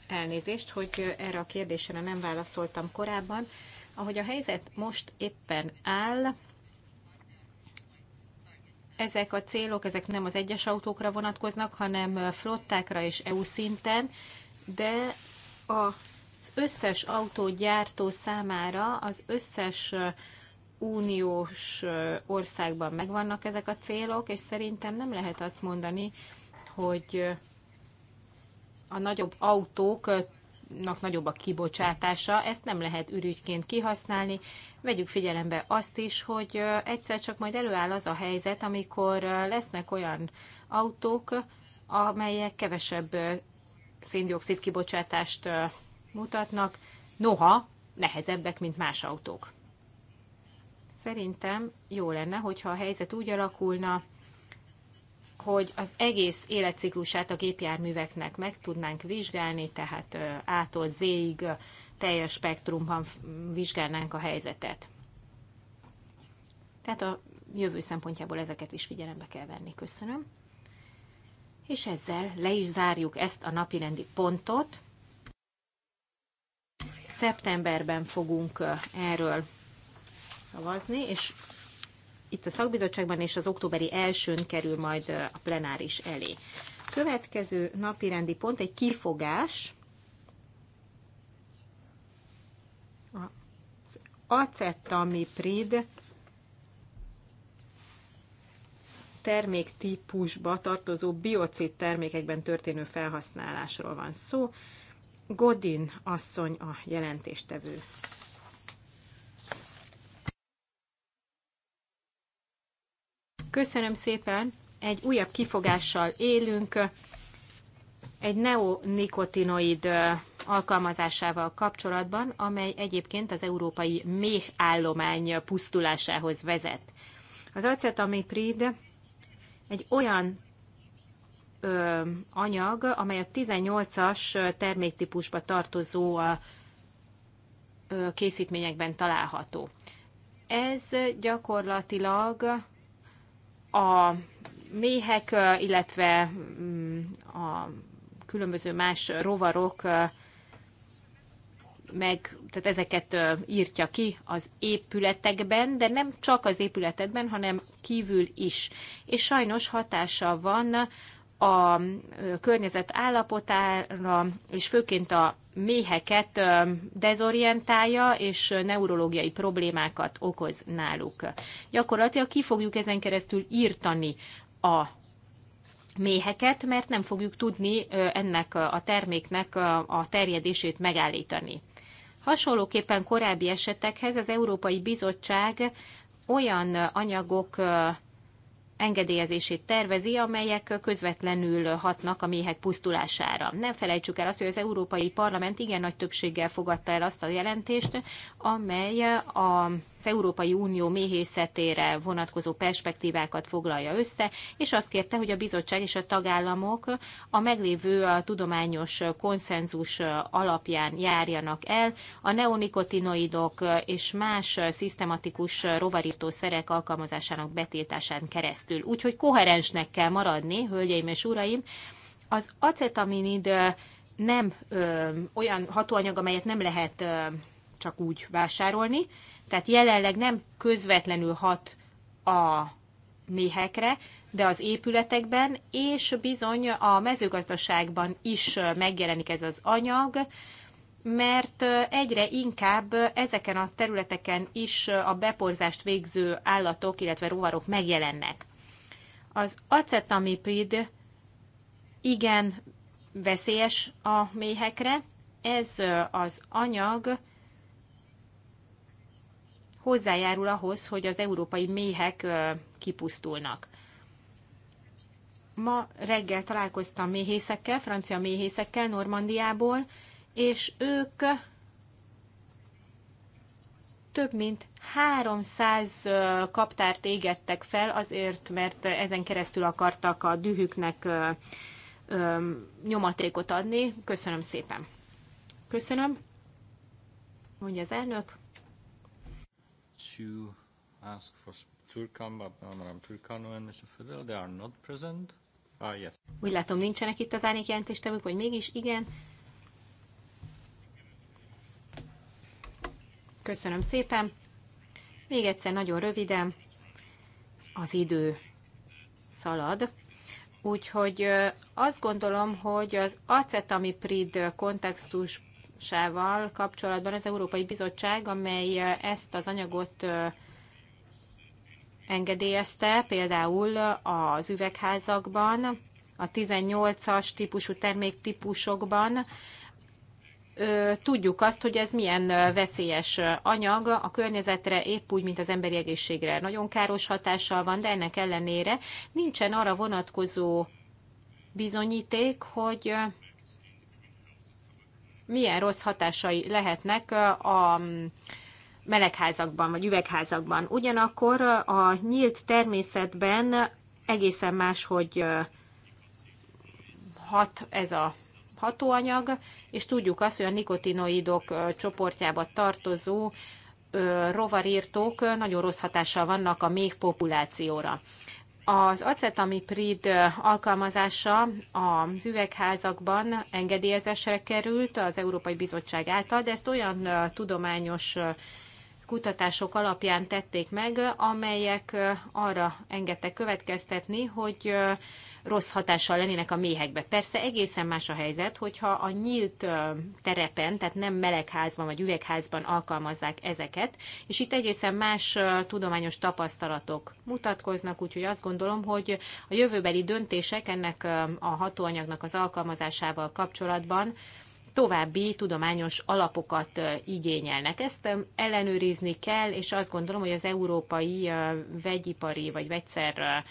Elnézést, hogy erre a kérdésre nem válaszoltam korábban. Ahogy a helyzet most éppen áll, ezek a célok, ezek nem az egyes autókra vonatkoznak, hanem flottákra és EU szinten, de az összes autógyártó számára az összes uniós országban megvannak ezek a célok, és szerintem nem lehet azt mondani, hogy a nagyobb autók nak nagyobb a kibocsátása, ezt nem lehet ürügyként kihasználni. Vegyük figyelembe azt is, hogy egyszer csak majd előáll az a helyzet, amikor lesznek olyan autók, amelyek kevesebb széndiokszid kibocsátást mutatnak, noha nehezebbek, mint más autók. Szerintem jó lenne, hogyha a helyzet úgy alakulna, hogy az egész életciklusát a gépjárműveknek meg tudnánk vizsgálni, tehát A-tól Z-ig teljes spektrumban vizsgálnánk a helyzetet. Tehát a jövő szempontjából ezeket is figyelembe kell venni. Köszönöm. És ezzel le is zárjuk ezt a napirendi pontot. Szeptemberben fogunk erről szavazni, és itt a szakbizottságban, és az októberi elsőn kerül majd a plenáris elé. Következő napirendi pont egy kifogás. Az acetamiprid terméktípusba tartozó biocid termékekben történő felhasználásról van szó. Godin asszony a jelentéstevő. Köszönöm szépen, egy újabb kifogással élünk, egy neonikotinoid alkalmazásával kapcsolatban, amely egyébként az európai méh állomány pusztulásához vezet. Az acetamiprid egy olyan ö, anyag, amely a 18-as terméktípusba tartozó ö, készítményekben található. Ez gyakorlatilag a méhek, illetve mm, a különböző más rovarok meg, tehát ezeket írtja ki az épületekben, de nem csak az épületekben, hanem kívül is. És sajnos hatása van a környezet állapotára, és főként a méheket dezorientálja, és neurológiai problémákat okoz náluk. Gyakorlatilag ki fogjuk ezen keresztül írtani a méheket, mert nem fogjuk tudni ennek a terméknek a terjedését megállítani. Hasonlóképpen korábbi esetekhez az Európai Bizottság olyan anyagok engedélyezését tervezi, amelyek közvetlenül hatnak a méhek pusztulására. Nem felejtsük el azt, hogy az Európai Parlament igen nagy többséggel fogadta el azt a jelentést, amely a az Európai Unió méhészetére vonatkozó perspektívákat foglalja össze, és azt kérte, hogy a bizottság és a tagállamok a meglévő a tudományos konszenzus alapján járjanak el, a neonikotinoidok és más szisztematikus rovarírtószerek alkalmazásának betiltásán keresztül. Úgyhogy koherensnek kell maradni, hölgyeim és uraim, az acetaminid nem ö, olyan hatóanyag, amelyet nem lehet ö, csak úgy vásárolni, tehát jelenleg nem közvetlenül hat a méhekre, de az épületekben, és bizony a mezőgazdaságban is megjelenik ez az anyag, mert egyre inkább ezeken a területeken is a beporzást végző állatok, illetve rovarok megjelennek. Az acetamiprid igen veszélyes a méhekre, ez az anyag hozzájárul ahhoz, hogy az európai méhek kipusztulnak. Ma reggel találkoztam méhészekkel, francia méhészekkel Normandiából, és ők több mint 300 kaptárt égettek fel azért, mert ezen keresztül akartak a dühüknek nyomatékot adni. Köszönöm szépen. Köszönöm, mondja az elnök to ask for Turkan, Madame Turkan and Mr. Fidel. They are not present. Ah, yes. Úgy látom, nincsenek itt az árnyék jelentéstevők, vagy mégis igen. Köszönöm szépen. Még egyszer nagyon röviden. Az idő szalad. Úgyhogy azt gondolom, hogy az acetamiprid kontextus hatásával kapcsolatban az Európai Bizottság, amely ezt az anyagot engedélyezte, például az üvegházakban, a 18-as típusú terméktípusokban, tudjuk azt, hogy ez milyen veszélyes anyag a környezetre, épp úgy, mint az emberi egészségre. Nagyon káros hatással van, de ennek ellenére nincsen arra vonatkozó bizonyíték, hogy milyen rossz hatásai lehetnek a melegházakban vagy üvegházakban. Ugyanakkor a nyílt természetben egészen más, hogy hat ez a hatóanyag, és tudjuk azt, hogy a nikotinoidok csoportjába tartozó rovarírtók nagyon rossz hatással vannak a méh populációra. Az acetamiprid alkalmazása az üvegházakban engedélyezésre került az Európai Bizottság által, de ezt olyan tudományos kutatások alapján tették meg, amelyek arra engedtek következtetni, hogy rossz hatással lennének a méhekbe. Persze egészen más a helyzet, hogyha a nyílt terepen, tehát nem melegházban vagy üvegházban alkalmazzák ezeket, és itt egészen más tudományos tapasztalatok mutatkoznak, úgyhogy azt gondolom, hogy a jövőbeli döntések ennek a hatóanyagnak az alkalmazásával kapcsolatban további tudományos alapokat igényelnek. Ezt ellenőrizni kell, és azt gondolom, hogy az európai vegyipari vagy vegyszer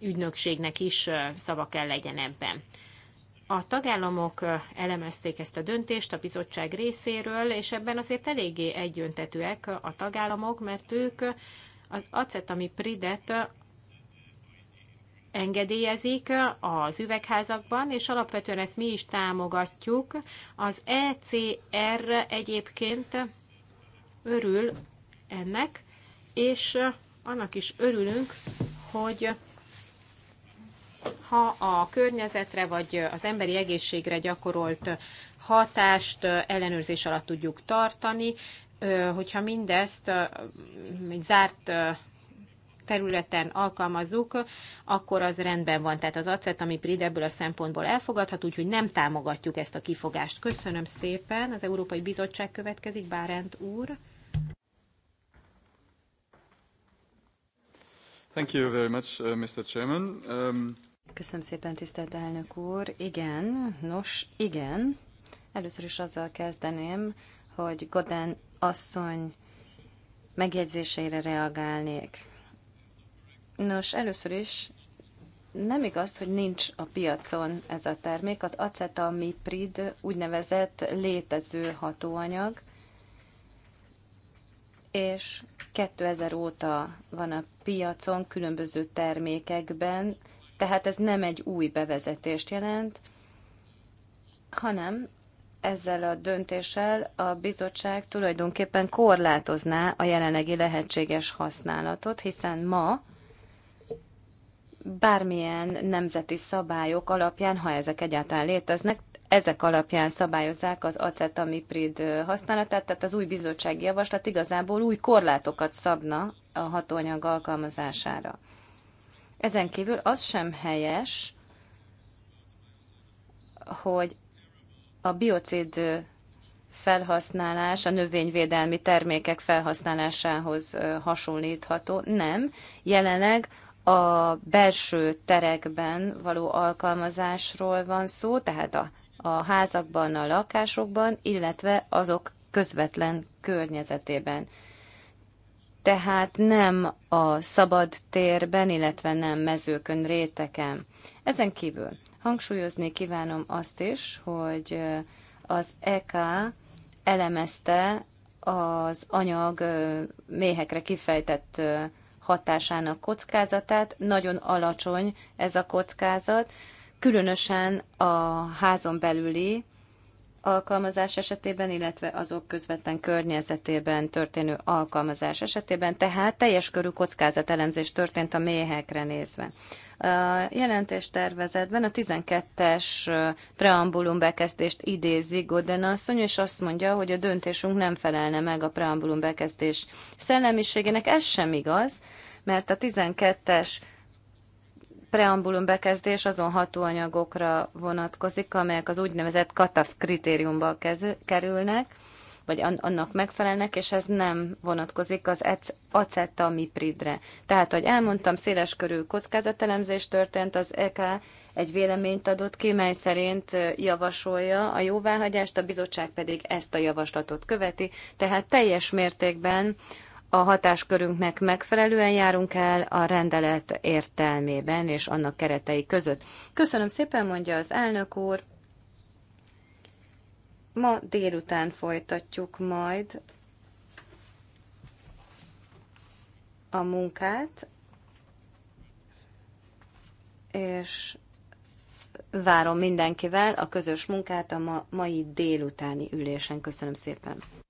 ügynökségnek is szava kell legyen ebben. A tagállamok elemezték ezt a döntést a bizottság részéről, és ebben azért eléggé egyöntetőek a tagállamok, mert ők az acetamipridet engedélyezik az üvegházakban, és alapvetően ezt mi is támogatjuk. Az ECR egyébként örül ennek, és annak is örülünk, hogy ha a környezetre vagy az emberi egészségre gyakorolt hatást ellenőrzés alatt tudjuk tartani, hogyha mindezt egy zárt területen alkalmazzuk, akkor az rendben van. Tehát az acetamiprid ebből a szempontból elfogadhat, úgyhogy nem támogatjuk ezt a kifogást. Köszönöm szépen. Az Európai Bizottság következik, Bárent úr. Thank you very much, uh, Mr. Chairman. Um... Köszönöm szépen, tisztelt elnök úr. Igen, nos, igen. Először is azzal kezdeném, hogy Godán asszony megjegyzéseire reagálnék. Nos, először is nem igaz, hogy nincs a piacon ez a termék. Az acetamiprid úgynevezett létező hatóanyag, és 2000 óta van a piacon különböző termékekben, tehát ez nem egy új bevezetést jelent, hanem ezzel a döntéssel a bizottság tulajdonképpen korlátozná a jelenlegi lehetséges használatot, hiszen ma bármilyen nemzeti szabályok alapján, ha ezek egyáltalán léteznek, ezek alapján szabályozzák az acetamiprid használatát, tehát az új bizottsági javaslat igazából új korlátokat szabna a hatóanyag alkalmazására. Ezen kívül az sem helyes, hogy a biocid felhasználás a növényvédelmi termékek felhasználásához hasonlítható. Nem. Jelenleg a belső terekben való alkalmazásról van szó, tehát a, a házakban, a lakásokban, illetve azok közvetlen környezetében tehát nem a szabad térben, illetve nem mezőkön, réteken. Ezen kívül hangsúlyozni kívánom azt is, hogy az EK elemezte az anyag méhekre kifejtett hatásának kockázatát. Nagyon alacsony ez a kockázat, különösen a házon belüli alkalmazás esetében, illetve azok közvetlen környezetében történő alkalmazás esetében, tehát teljes körű kockázatelemzés történt a méhekre nézve. A jelentéstervezetben a 12-es preambulum bekezdést idézi Goden asszony, és azt mondja, hogy a döntésünk nem felelne meg a preambulum bekezdés szellemiségének. Ez sem igaz, mert a 12-es preambulum bekezdés azon hatóanyagokra vonatkozik, amelyek az úgynevezett kataf kritériumba kerülnek, vagy annak megfelelnek, és ez nem vonatkozik az acetamipridre. Tehát, ahogy elmondtam, széleskörű kockázatelemzés történt, az EK egy véleményt adott ki, mely szerint javasolja a jóváhagyást, a bizottság pedig ezt a javaslatot követi, tehát teljes mértékben a hatáskörünknek megfelelően járunk el a rendelet értelmében és annak keretei között. Köszönöm szépen, mondja az elnök úr. Ma délután folytatjuk majd a munkát, és várom mindenkivel a közös munkát a ma, mai délutáni ülésen. Köszönöm szépen!